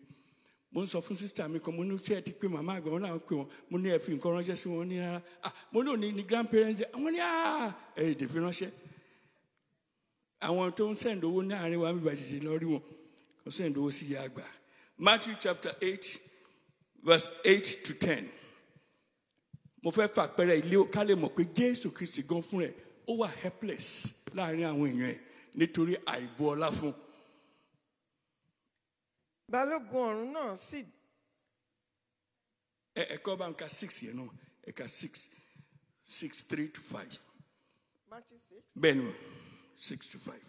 mo ń sọ fún sísítà mi kan mo ní tí ẹ ti pé màmá àgbà wọn náà pé wọn mo ní ẹ fi nǹkan ránṣẹ́ sí wọn ní rárá ah, ah mo ní òní ni grandparents àwọn ní ah ẹ èdè fi àwọn tó ń sẹ́ǹd owó ní àárín wa bíbá jìjì lọ rí wọn kò sẹ́ǹd owó sí ìyá àgbà Matthew chapter eight verse eight to ten mo fẹ́ fàpẹẹrẹ ilé ká lè mọ̀ pé jésù kristi gan fún rẹ̀ ó wà helpless láàrin àwọn èèyàn ẹ̀ nítorí àìbu ọlá fún. balógun ọ̀run náà sì. ẹ ẹ̀kọ́ bá ń ka six yẹn náà ẹ̀ka six six three to five. bẹ́ẹ̀ ni six to five.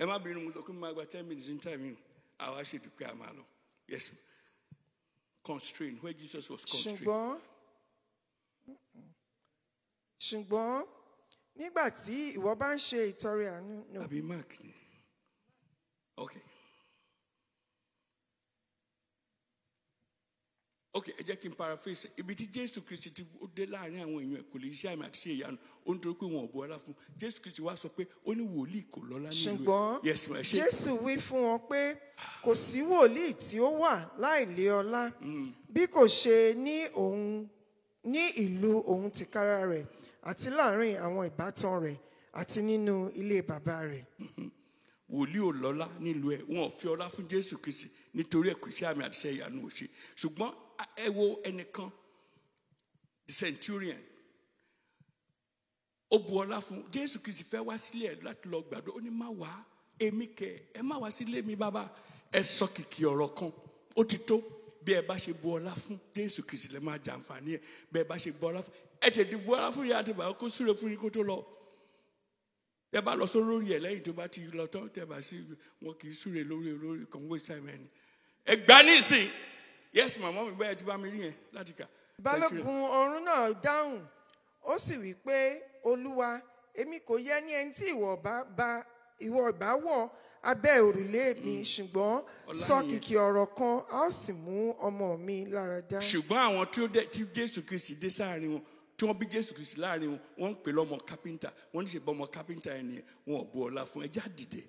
ẹ má bínú mo sọ pé mo máa gba ten minutes in time yìí àwa ṣètò pé a máa lọ yes constrain where Jesus was constrained. ṣùgbọ́n ṣùgbọ́n nígbà tí ìwọ bá ń ṣe ìtọrẹ àánú. àbí mark ni ok ok ẹ jẹ́ kí n paraphrase ibi tí jésù kristi ti dé láàrin àwọn èèyàn kò lè ṣe àmì àti ṣe ìyanu ó ń torí pé wọn ò bu ọlá fún jésù kristi wá sọ pé ó ní wòlíì kò lọ́lá nílùú ẹ̀ ṣùgbọ́n jésù wí fún wọn pé kò sí wòlíì tí ó wà láì lé ọlá hmm. bí kò ṣe ní òun ní ìlú òun tìkára rẹ̀ àti láàárín àwọn ìbátan rẹ̀ àti nínú ilé bàbá rẹ̀. wòlíì ò lọ́lá nílùú ẹ̀ wọn ò fi ọlá fún jésù kìsì nítorí ẹ̀ kò sí àmì àti iṣẹ́ ìyanu òṣè ṣùgbọ́n ẹ wo ẹnìkan the centurion ó bu ọlá fún jésù kìsì fẹ́ wá sílé ẹ̀ láti lọ gbàdúrà ó ní má wá èmi kẹ ẹ má wá sílé mi bàbá ẹ sọ kìkì ọ̀rọ̀ kan ó ti tó bí ẹ bá ṣe bu ọlá fún jésù kìsì lẹ máa jàǹfààní ẹ bí ẹ bá ṣe bu ọlá fún ẹ̀jẹ̀ dìbò ara fún ìyá àti bàbá kó súre fún yín kó tó lọ tẹ bá lọ sọ lórí ẹ lẹ́yìn tó bá ti lọ tán tẹ bá sí wọn kì í súre lórí lórí kan waste time ẹni ẹgbà nísìn yes màmá mi bẹ́ẹ̀ tí bá mi rí yẹn láti kà. balógun ọ̀run náà dáhùn ó sì wí pé olúwa èmi kò yẹ ní ẹni tí ìwọ bá ìwọ bá wọ̀ abẹ́ òrùlé mi mm. ṣùgbọ́n sọ kìkì ọ̀rọ̀ kan a ó sì mú ọmọ mi lára dá. ṣùgbọ́n àwọn tí Jésù Kristi dé sáàrin wọn tí wọ́n bí jésù kristu láàrin wọn ń pè lọ́mọ kápẹ́ńtà wọ́n ní ṣe bọ́ ọmọ kápẹ́ńtà ẹni wọn ò bu ọlá fún ẹ jáde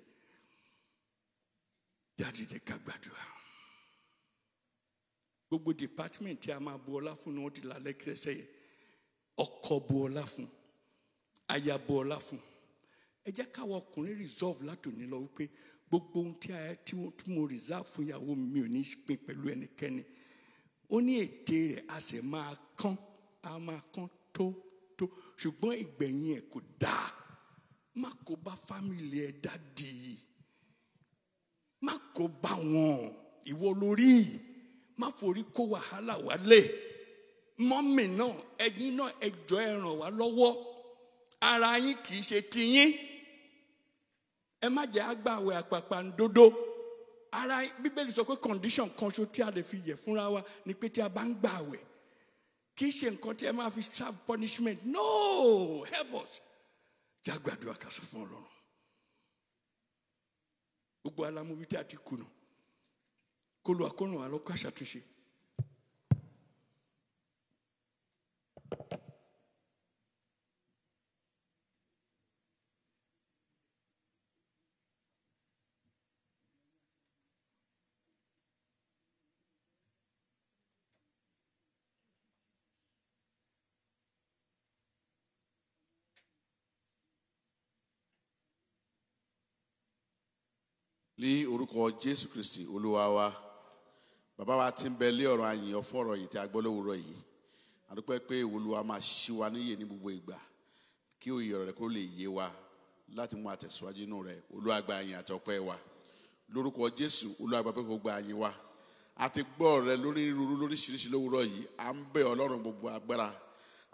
jáde ká gbàdúrà gbogbo department tí a máa bu ọlá fún ni wọ́n ti là lẹ́kẹsẹ̀ yẹn ọkọ bu ọlá fún aya bu ọlá fún ẹ jẹ́ káwọn ọkùnrin resolve látòní lọ wípé gbogbo ohun tí a tí mo reserve fún ìyàwó mi ò ní pín pẹ̀lú ẹnikẹ́ni ó ní ète rẹ̀ a sì máa kán a máa kán tó tó ṣùgbọ́n ìgbẹ̀yìn ẹ̀ kò dáa má kó bá fámìlì ẹ̀ dáàdì má kó bá wọn ìwọ lórí má forí kó wàhálà wálé mọ́mì náà ẹ̀yin náà ẹ jọ̀ọ́ ẹ ràn wá lọ́wọ́ ara yín kì í ṣe tiyín ẹ má jẹ́ agbáwẹ̀ àpàpàǹdodo ara bíbélì sọ pé condition kan ṣo tí a lè fi yẹ̀ fúnra wa ni pé tí a bá ń gbàwẹ̀ kì í ṣe nǹkan tí ẹ máa fi serve punishment no help us já gbàdúrà ká sọ fún ọlọ́run gbogbo alamobi tí a ti kùnà kó lu àkóràn wa lọ́kọ́ àṣàtúnṣe ní orúkọ jésù kristi olúwa wa bàbá wa ti ń bẹ lé ọ̀rọ̀ àyìn ọ̀fọ́ ọ̀rọ̀ yìí tí a gbọ́ lówùúrọ̀ yìí àdúpẹ́ pé olúwa máa ṣí wa níyè ní gbogbo ìgbà kí òye ọ̀rọ̀ rẹ kó lè yé wa láti mú àtẹ̀síwájú inú rẹ olúwa gba àyìn àtọpẹ́ wa lórúkọ jésù olúwa gba pé kó gba àyìn wa a ti gbọ́ rẹ lórí irúurú lóríṣiríṣi lówùúrọ̀ yìí à ń bẹ̀ ọlọ́run gbogbo agbára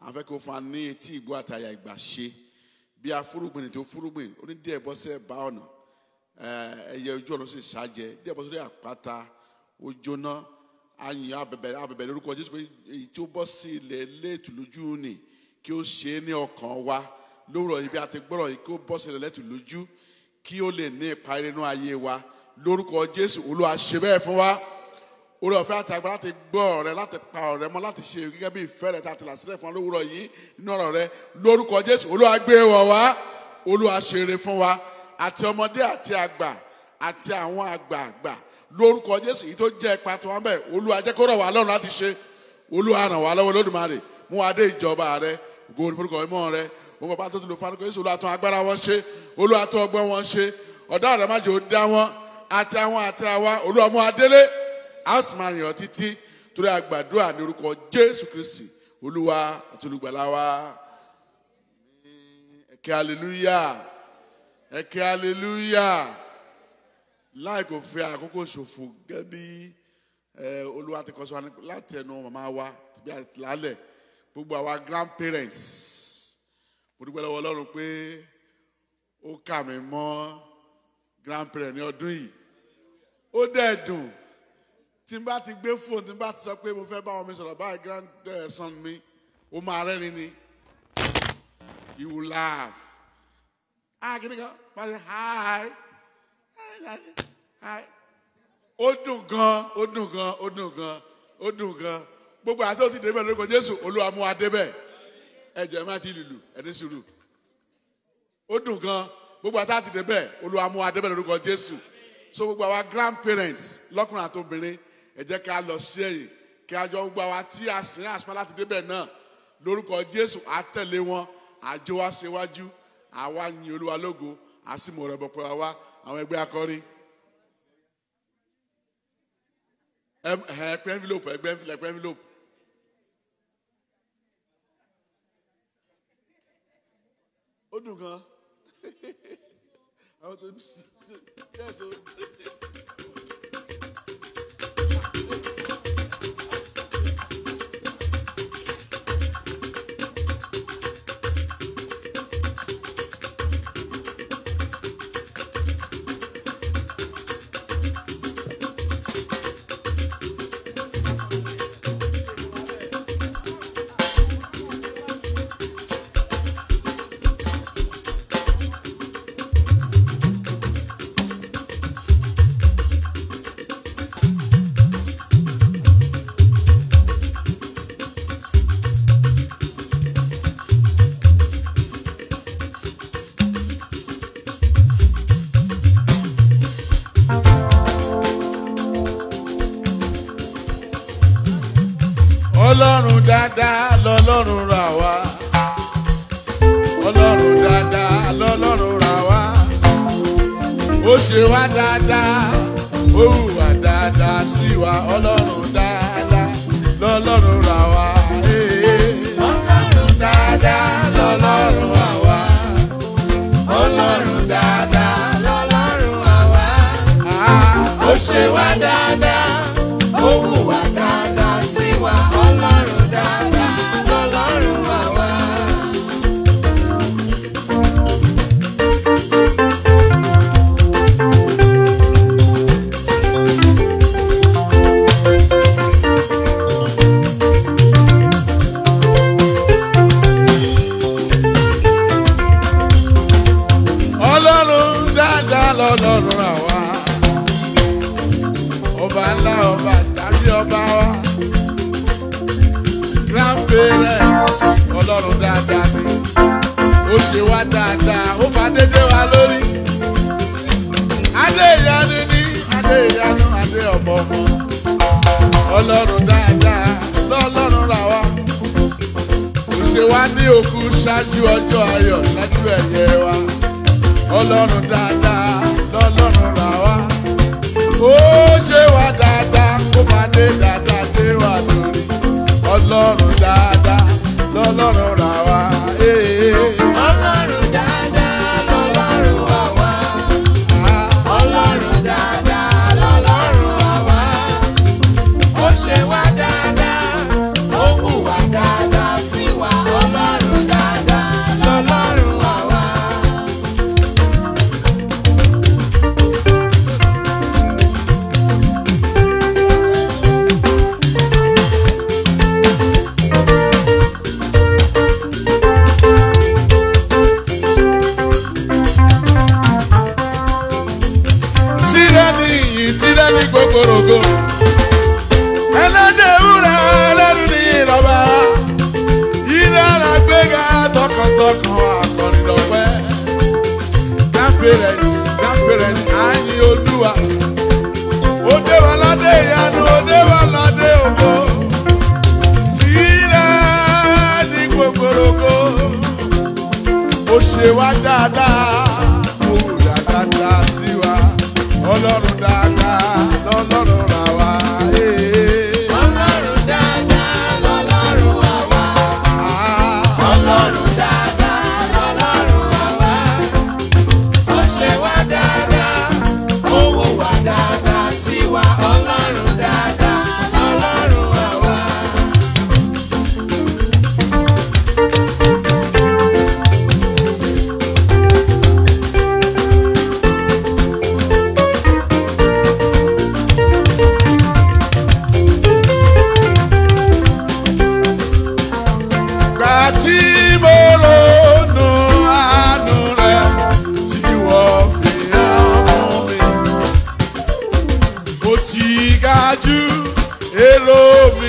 à ń fẹ́ kó fún ní etí ìgbọ́ àtàyà ìgbà ṣe bí afúrúgbìn tó fúrúgbìn ó ní díẹ̀ bọ́sẹ̀ bá ọ̀nà ẹyẹ ojú ọ̀run sì ṣáájẹ díẹ̀ bọ́ sórí àpáta ó jóná àyìn abẹ̀bẹ̀ abẹ̀bẹ̀ lórúkọ jésù pé èyí tí ó bọ́ sí ilẹ̀ léètù lójú ni kí ó ṣe é ní ọkàn wa lówùrọ̀ ibi àti gbọ́rọ̀ yìí kí ó bọ́ sí ilẹ̀ léètù lójú kí ó lè ní ipa nínú ayé wa lórúkọ jésù olúwa ṣe bẹ́ẹ̀ fún wa orí ọ̀fẹ́ àti agbára láti gbọ́ ọ̀rẹ́ láti pa ọ̀rẹ́ mọ́ láti ṣe gẹ́gẹ́ bí ìfẹ́ rẹ̀ láti làṣẹ́lẹ̀ fún lówùrọ̀ yìí nínú ọ̀rọ̀ rẹ lórúkọ jésù olúwa gbé e wọ̀ wá olúwa ṣeré fún wa àti ọmọdé àti àgbà àti àwọn àgbààgbà lórúkọ jésù yìí tó jẹ́ ipa tí wọ́n bẹ̀ olúwa jẹ́ kó rọ̀ wá lọ́rùn láti ṣe olúwa ràn wá lọ́wọ́ lódùmarè mú wa dé ìjọba rẹ ògo olùforúkọ ìmọ̀ rẹ òun bàbá tó ti lò fanukọ yéṣu olúwa tún agbára wọn ṣe olúwa tún ọgbọ́n wọn ṣe ọ̀dọ́ àrẹ májò dá wọn àti àwọn àti àwa olúwa mú wa títí torí àgbàdua ní orúkọ jésù kristi olúwa àti olùgbàlà wa hallelujah ẹ kí hallelujah láì kò fẹ́ àkókò ṣòfò gẹ́gẹ́ bí olúwa ti kọ́ sọ láti ẹnu màmá wa tìbí àtìlálẹ̀ gbogbo àwa grandparents mo dúpẹ́ lọ́wọ́ ọlọ́run pé ó kà mí mọ́ grandparent ní ọdún yìí ó dẹ̀ dùn tí n bá ti gbé fóònù tí n bá ti sọ pé mo fẹ́ bá wọn mi sọ̀rọ̀ báyìí grandson mi ó máa rẹ́rìn ni you will laugh ah kìíní kan pàṣẹ hi hi ó dùn gan ó dùn gan ó dùn gan ó dùn gan gbogbo àti òsì débẹ̀ lórúkọ Jésù Olúwa mú wa débẹ̀ má ti lùlù ẹni sùúrù ó dùn gan gbogbo àti àti débẹ̀ Olúwa mú wa lórúkọ Jésù so gbogbo àwa grandparents lọ́kùnrin àti obìnrin ẹ jẹ́ ká lọ sí ẹ̀yìn kí a jọ gbogbo àwa tí a sìn àsìmọ́ láti débẹ̀ náà lórúkọ Jésù àtẹ̀lé wọn àjọ wa àwa yin olúwa lógo àsìmọ̀ rẹ̀ bọ̀pẹ̀ wa àwọn ẹgbẹ́ akọrin ẹgbẹ́ envelope ẹgbẹ́ envelope. ó dùn gan *laughs* ṣe wá dáadáa ó hùwà dáadáa sí wa ọlọ́run wá ní òkú ṣáájú ọjọ́ ayọ̀ ṣáájú ẹ̀yẹ wa ọlọ́run dáadáa lọ́lọ́run rà wá ó ṣe wá dáadáa kó máa dé dáadáa dé wà lórí ọlọ́run dáadáa lọ́lọ́run rà wá. ti ga jù èrò mi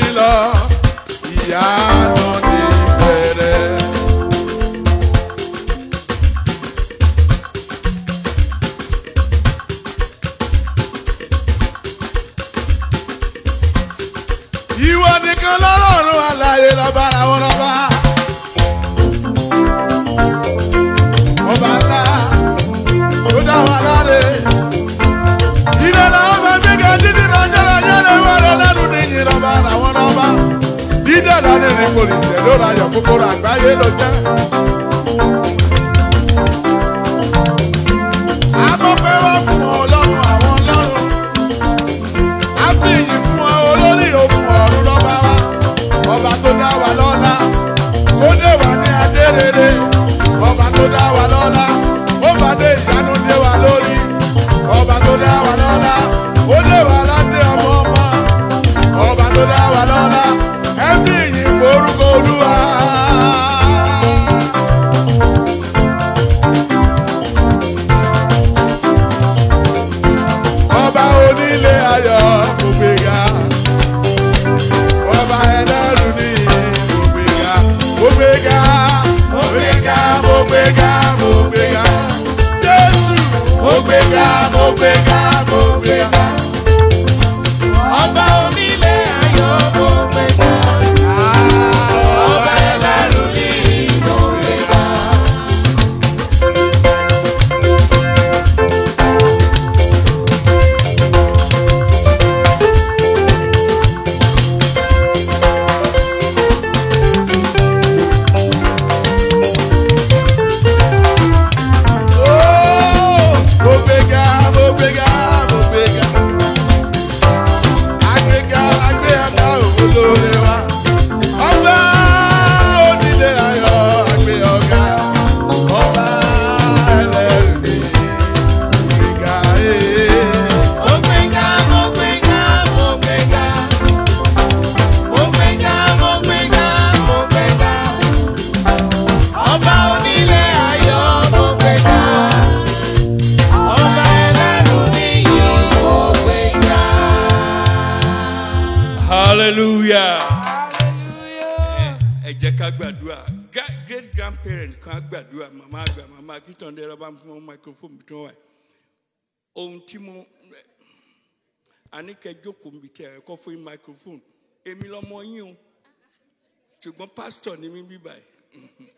pásítọ̀ ni mí bí báyìí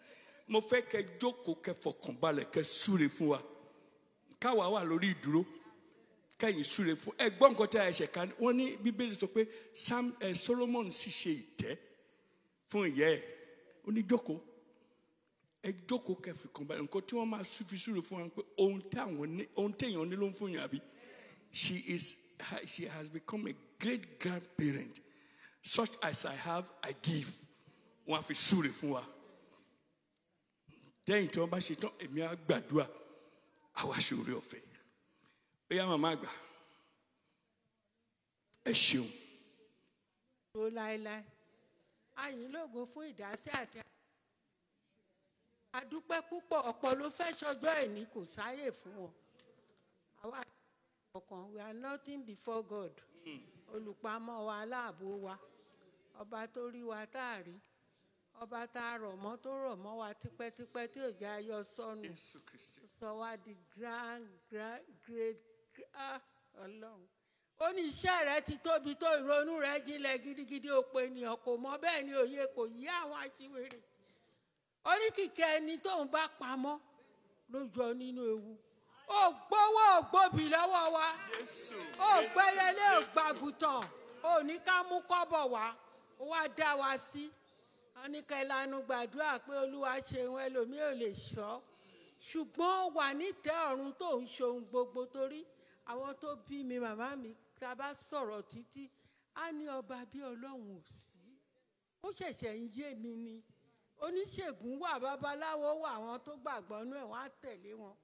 mo fẹ́ kẹ́ jókòó kẹ́ fọkànbalẹ̀ kẹ́ súre fún wa káwa wà lórí ìdúró kẹ́yìn súre fún ẹ gbọ́ nǹkan tí a ṣẹ̀ ká wọ́n ní bíbélì sọ pé Solomon sì ṣe ìtẹ́ fún ìyá ẹ̀ ó ní jókòó ẹ jókòó kẹ́ fọkànbalẹ̀ nǹkan tí wọ́n máa fi súre fún wa pé ohun táwọn ní ohun téèyàn ní ló ń fún yàn àbí she is she has become a great grandparent such as I have I give wọn á fi súre fún wa lẹ́yìn tí wọ́n bá ṣe tán èmi á gbàdúrà àwa ṣòro ọ̀fẹ́ ó yá màmá àgbà ẹ ṣeun. ó láéláé àyìn lógo fún ìdásí àti àdúpẹ́ púpọ̀ ọ̀pọ̀ ló fẹ́ ṣọjọ́ ẹ̀ní kò sáyè fún wọn àwa ọkàn we are nothing before God hmm. olùpamọ́ wa aláàbò wa ọba tó rí wa táàrí. Mm ọba tá a rọ̀ mọ́ tó rọ̀ mọ́ wa tipẹ́tipẹ́ tí òjò ayọ̀ sọnù sọ wá di grand grand great ọlọ́run ó ní iṣẹ́ rẹ ti tóbi tó ìrònú rẹ jinlẹ̀ gidigidi òpó ènìyàn kò mọ bẹ́ẹ̀ ni òye kò yí àwọn aṣiwèrè ó ní kìkẹ́ ẹni tóun bá pamọ́ ló nínú ewu ó gbowó ògbóbi lọ́wọ́ wa ó gbẹ́yẹlé ògbàgùtàn ó ní ká mú kọ́bọ̀ wá ó wá dá wa sí. Si a ní kẹlanu gbàdúrà pé olúwa ṣeun ẹlòmíì ò lè sọ ṣùgbọ́n ó wà nítẹ́ ọ̀run tó ń ṣohun gbogbo torí àwọn tó bí mi màmá mi tá a bá sọ̀rọ̀ títí a ní ọba bí ọlọ́run ò sí ó ṣẹ̀ṣẹ̀ ń yé mi ni oníṣègùn wà babaláwo wà àwọn tó gbàgbọ́ nú ẹ̀ wọ́n á tẹ̀lé wọn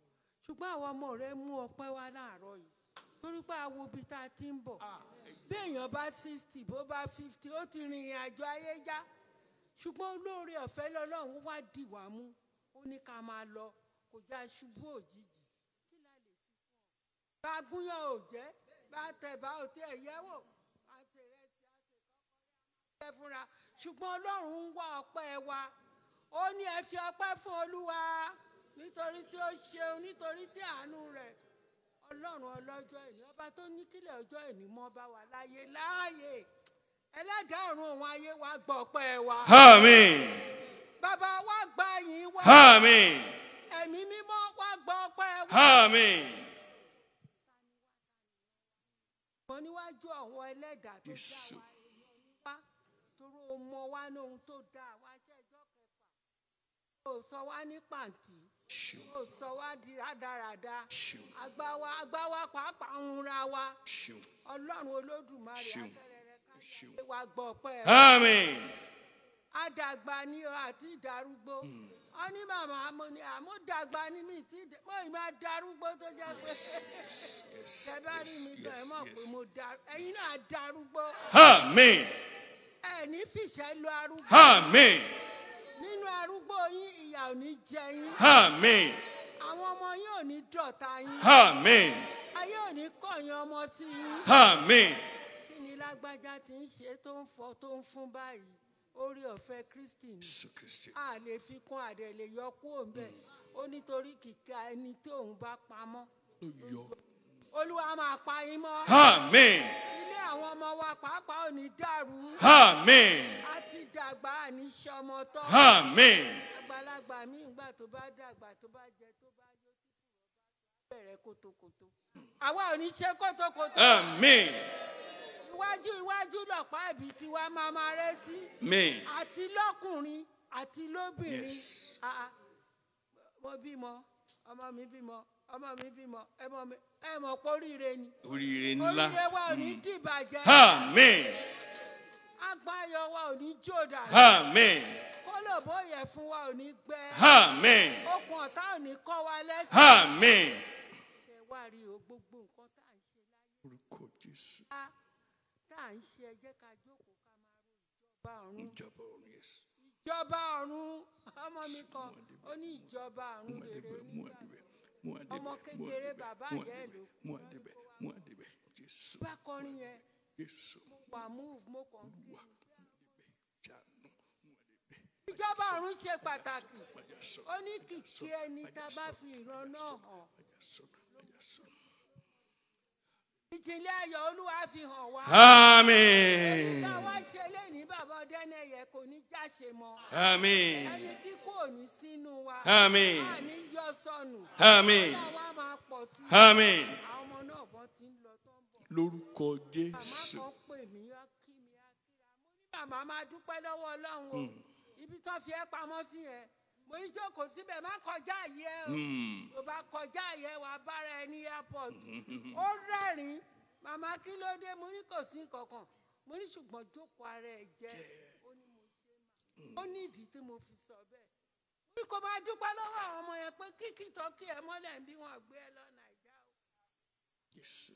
ṣùgbọ́n àwọn ọmọ rẹ mú ọpẹ́ wá láàárọ̀ yìí torí pé a wo ibi ti ń bọ̀ ah, béèyàn bá sixty bó bá fifty ó ti rìnrìn àjò ayé já. Ja ṣùgbọ́n olóore ọ̀fẹ́ lọ́lọ́run wá dì wá mú ó ní ká máa lọ kò já ṣubú òjijì kí la lè fi fún ọ. bá a gúnyán ò jẹ́ bá a tẹ̀ bá òtí ẹ̀ yẹ̀wò àṣẹ rẹ̀ sí àṣẹ kọ́kọ́rẹ́ àmọ́ fúnra ṣùgbọ́n ọlọ́run wá ọpẹ́ wa ó ní ẹ fi ọpẹ́ fún olúwa nítorí tí ó ṣeun nítorí tí àánú rẹ̀ ọlọ́run ọlọ́jọ́ ìní ọba tó ní kílẹ̀ ọjọ́ ìní mọ́ bá wa láyé láàyè ẹlẹ́dàá ọ̀run òun ayé wa gbọ́ ọpẹ́ wa. àmín. bàbá wa gba yín wá. àmín. ẹ̀mí mímọ́ wa gbọ́ ọpẹ́ wa. àmín. mo níwájú ọ̀hún ẹlẹ́dàá tó dá wa wá toró mọ wá ní ohun tó dá wa ṣẹjọ́ kẹfà ó sọ wá ní pàǹtí ó sọ wá di rádaràda àgbà wa àgbà wa pàápàá ń ra wa ọlọ́run olódùmarè afẹ́. Amen. Àdàgbà ni o àti ìdarúgbó. Ọ hmm. ní màmá mo ni àmú dàgbà ni mi ti mọ ìmọ̀ darúgbó tó jẹ́ pé. Ṣé bá rí mi tọ̀ ẹ mọ̀ pé mo darúgbó? Ẹ̀yin náà darúgbó. Amen ẹ̀ní fìṣẹ́ lo arúgbó. Àmín. Nínú arúgbó yín, ìyà ò ní jẹ yín. Àmín. Àwọn ọmọ yín ò ní dọ̀tá yín. Àmín. Ayé ò ní kọ̀yìn ọmọ sí yín. Àmín lágbájá ti ń ṣe tó ń fọ tó ń fún báyìí orí ọ̀fẹ́ kristi ni a lè fi kún àdẹ̀ lè yọ kúrò ń ó nítorí kìkà ẹni tí òun bá pamọ́ olúwa máa pa yín mọ́. amen. ilé àwọn ọmọ wa pàápàá ò ní dàrú. amen. a ti dàgbà àní sọmọ tọ́. àgbàlagbà mi ìgbà tó bá dàgbà tó bá jẹ tó bá yọ bẹ̀rẹ̀ kótókótó. àwa ò ní ṣe kótókótó. amen iwájú iwájú lọ̀pá ẹ̀bí tí wàá máa máa rẹ́ sí. mi. àti lọ́kùnrin àti lóbìnrin. yes. Ah, ah. mo bímọ ọmọ mi bímọ ọmọ mi bímọ ẹmọ mi ẹmọ pé oríire ni. oríire ńlá oríire wa ò ní hmm. dìbàjẹ́. amen. agbáyọ wa ò ní jòdà. amen. kólòbó yẹ fún wa ò ní gbẹ. amen. okùn ọ̀tá ò ní kọ́ wa lẹ́sẹ̀. amen. ṣé wàá rí o gbogbo nǹkan tá à ń ṣe láyé. orúkọ jésù. Ah, à ń ṣe ẹ jẹ́ ká jókòó ká máa ro ìjọba ọ̀run. ìjọba ọ̀run yes. ìjọba ọ̀run ọmọ mi kan ó ní ìjọba ọ̀run rere nígbà ọmọ kékeré bàbá ìyá ló kú wọn ni wá bá yẹn mo wà move mo kàn kí ìjọba ọ̀run ṣe pàtàkì ó ní kìkì ẹni tá a bá fi ìran náà hàn ìjìnlẹ̀ ayọ̀ olúwa fi hàn wá. àmín. èyí tá a wá ṣe léyìn bàbá ọdẹ́nẹ̀yẹ kò ní jáṣe mọ́. àmín. ẹni tí kò ní sínú wa. àmín. àní yọ sọnù. àmín. ọlọ́wà máa pọ̀ sí i. àmín. àwọn ọmọ náà bọ́ ti ń lọ tó ń bọ̀. lórúkọ jésù. màmá kan pè mí kí mi á kíra. mo ní màmá máa dúpẹ́ lọ́wọ́ ọlọ́run o. Hmm. ibi tó fi ẹ́ pamọ́ sí yẹn mo ní jókòó síbẹ̀ má kọjá àyè o hmm. tó bá kọjá àyè wà á bára ẹ ní airport *laughs* ó rẹ́rìn-ín màmá kí ló dé mo ní kò sí kankan mo ní ṣùgbọ́n jókòó ara ẹ jẹ́ ó ní mo ṣe máa hmm. ó ní ìdí tí mo fi sọ bẹ́ẹ̀ mo ní kó máa dúpẹ́ lọ́wọ́ àwọn ọmọ yẹn pé kíkì tán ẹ mọ́lẹ̀ bí wọ́n gbé ẹ lọ nàìjà o. Jésù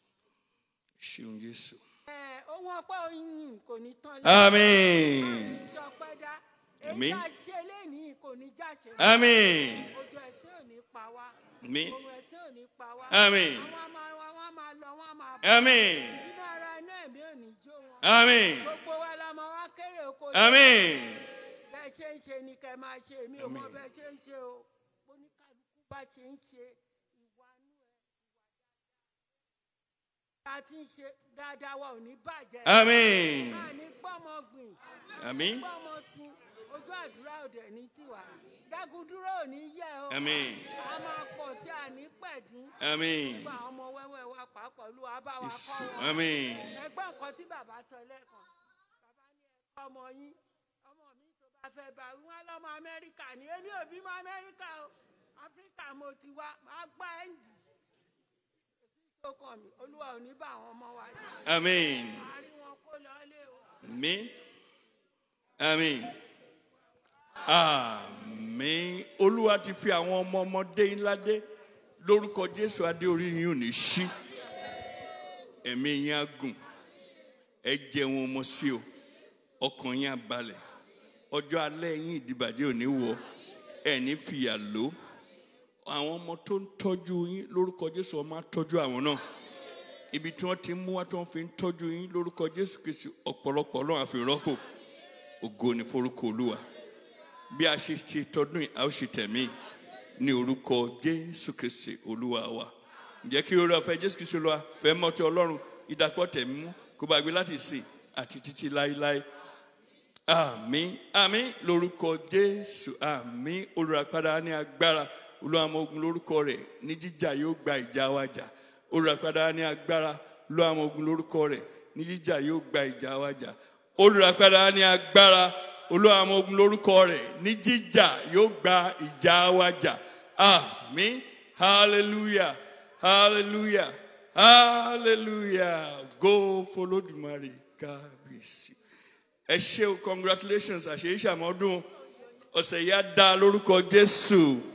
ṣeun Jésù. ẹ ohun ọpẹ́ oyin kò ní tán lẹ́yìn. àmín. àmín dá àmín. èyí tá a ṣe lẹ́nìí kò ní Amen. Amen. Amen. ojú ẹ̀sìn ojú àdúrà òde ní tiwa dágúndúró ò ní yẹ o. àmín. a máa pọ̀ sí àní pẹ̀dún. àmín. gbogbo ọmọ wẹ́wẹ́ wa pàápàá olú wa bá wa kọ́ wọn. àmín. ẹgbẹ́ nǹkan tí bàbá sọ lẹ́ẹ̀kan bàbá ní ẹ̀kọ́ ọmọ yín ọmọ mi tó bá fẹ́ bá wọn lọ́mọ amẹ́ríkà ni èmi ò bímọ amẹ́ríkà o áfíríkà mo ti wá máa gbá ẹ̀ǹdì tó kàn mí olúwa ò ní bá àwọn ọmọ wa jẹ. àmín. àárín wọn kó lọ lé o. àmín. àmín àmín olúwa ti fi àwọn ọmọ ọmọdé ńlá dé lórúkọ jésù adé orí yín ò ní ṣí ẹ̀mí yín á gùn ẹ jẹun ọmọ sí o ọkàn yín á balẹ̀ ọjọ́ alẹ́ yín ìdìbàjẹ́ ò ní wọ ẹ ní fìyà lò àwọn ọmọ tó ń tọ́jú yín lórúkọ jésù ọmọ á àwọn náà ibi tí wọ́n ti mú wá tí wọ́n fi ń tọ́jú yín lórúkọ jésù kìí ọ̀pọ̀lọpọ̀ ọlọ́run àfi rọ́pò ògo ni forúkọ olúwa bí a ṣe ṣe tọdún a ó ṣe tẹ̀mí ní orúkọ jésù kristi olúwa wa jẹ́ kí orí ọ̀fẹ́ jésù kristi olúwa fẹ́ mọ́tò ọlọ́run ìdàpọ̀ tẹ̀mí mú kó bá gbé láti sìn àti títí láéláé àmín àmín lórúkọ jésù àmín olùràpadà ní agbára olúwa ọmọ ogun lórúkọ rẹ̀ ní jíjà yóò gba ìjà wa jà olùràpadà ní agbára olúwa ọmọ ogun lórúkọ rẹ̀ ní jíjà yóò gba ìjà wa jà olùràpadà ní agbára olúwa àwọn ogun lórúkọ rẹ̀ ní jíjà yóò gba ìjà wa jà àmín hallelujah hallelujah hallelujah go folódùmarè kábíyèsí ẹ ṣé o congratulations àṣeyíṣàmọ́dún ọ̀sẹ̀ yìí á dá lórúkọ jésù.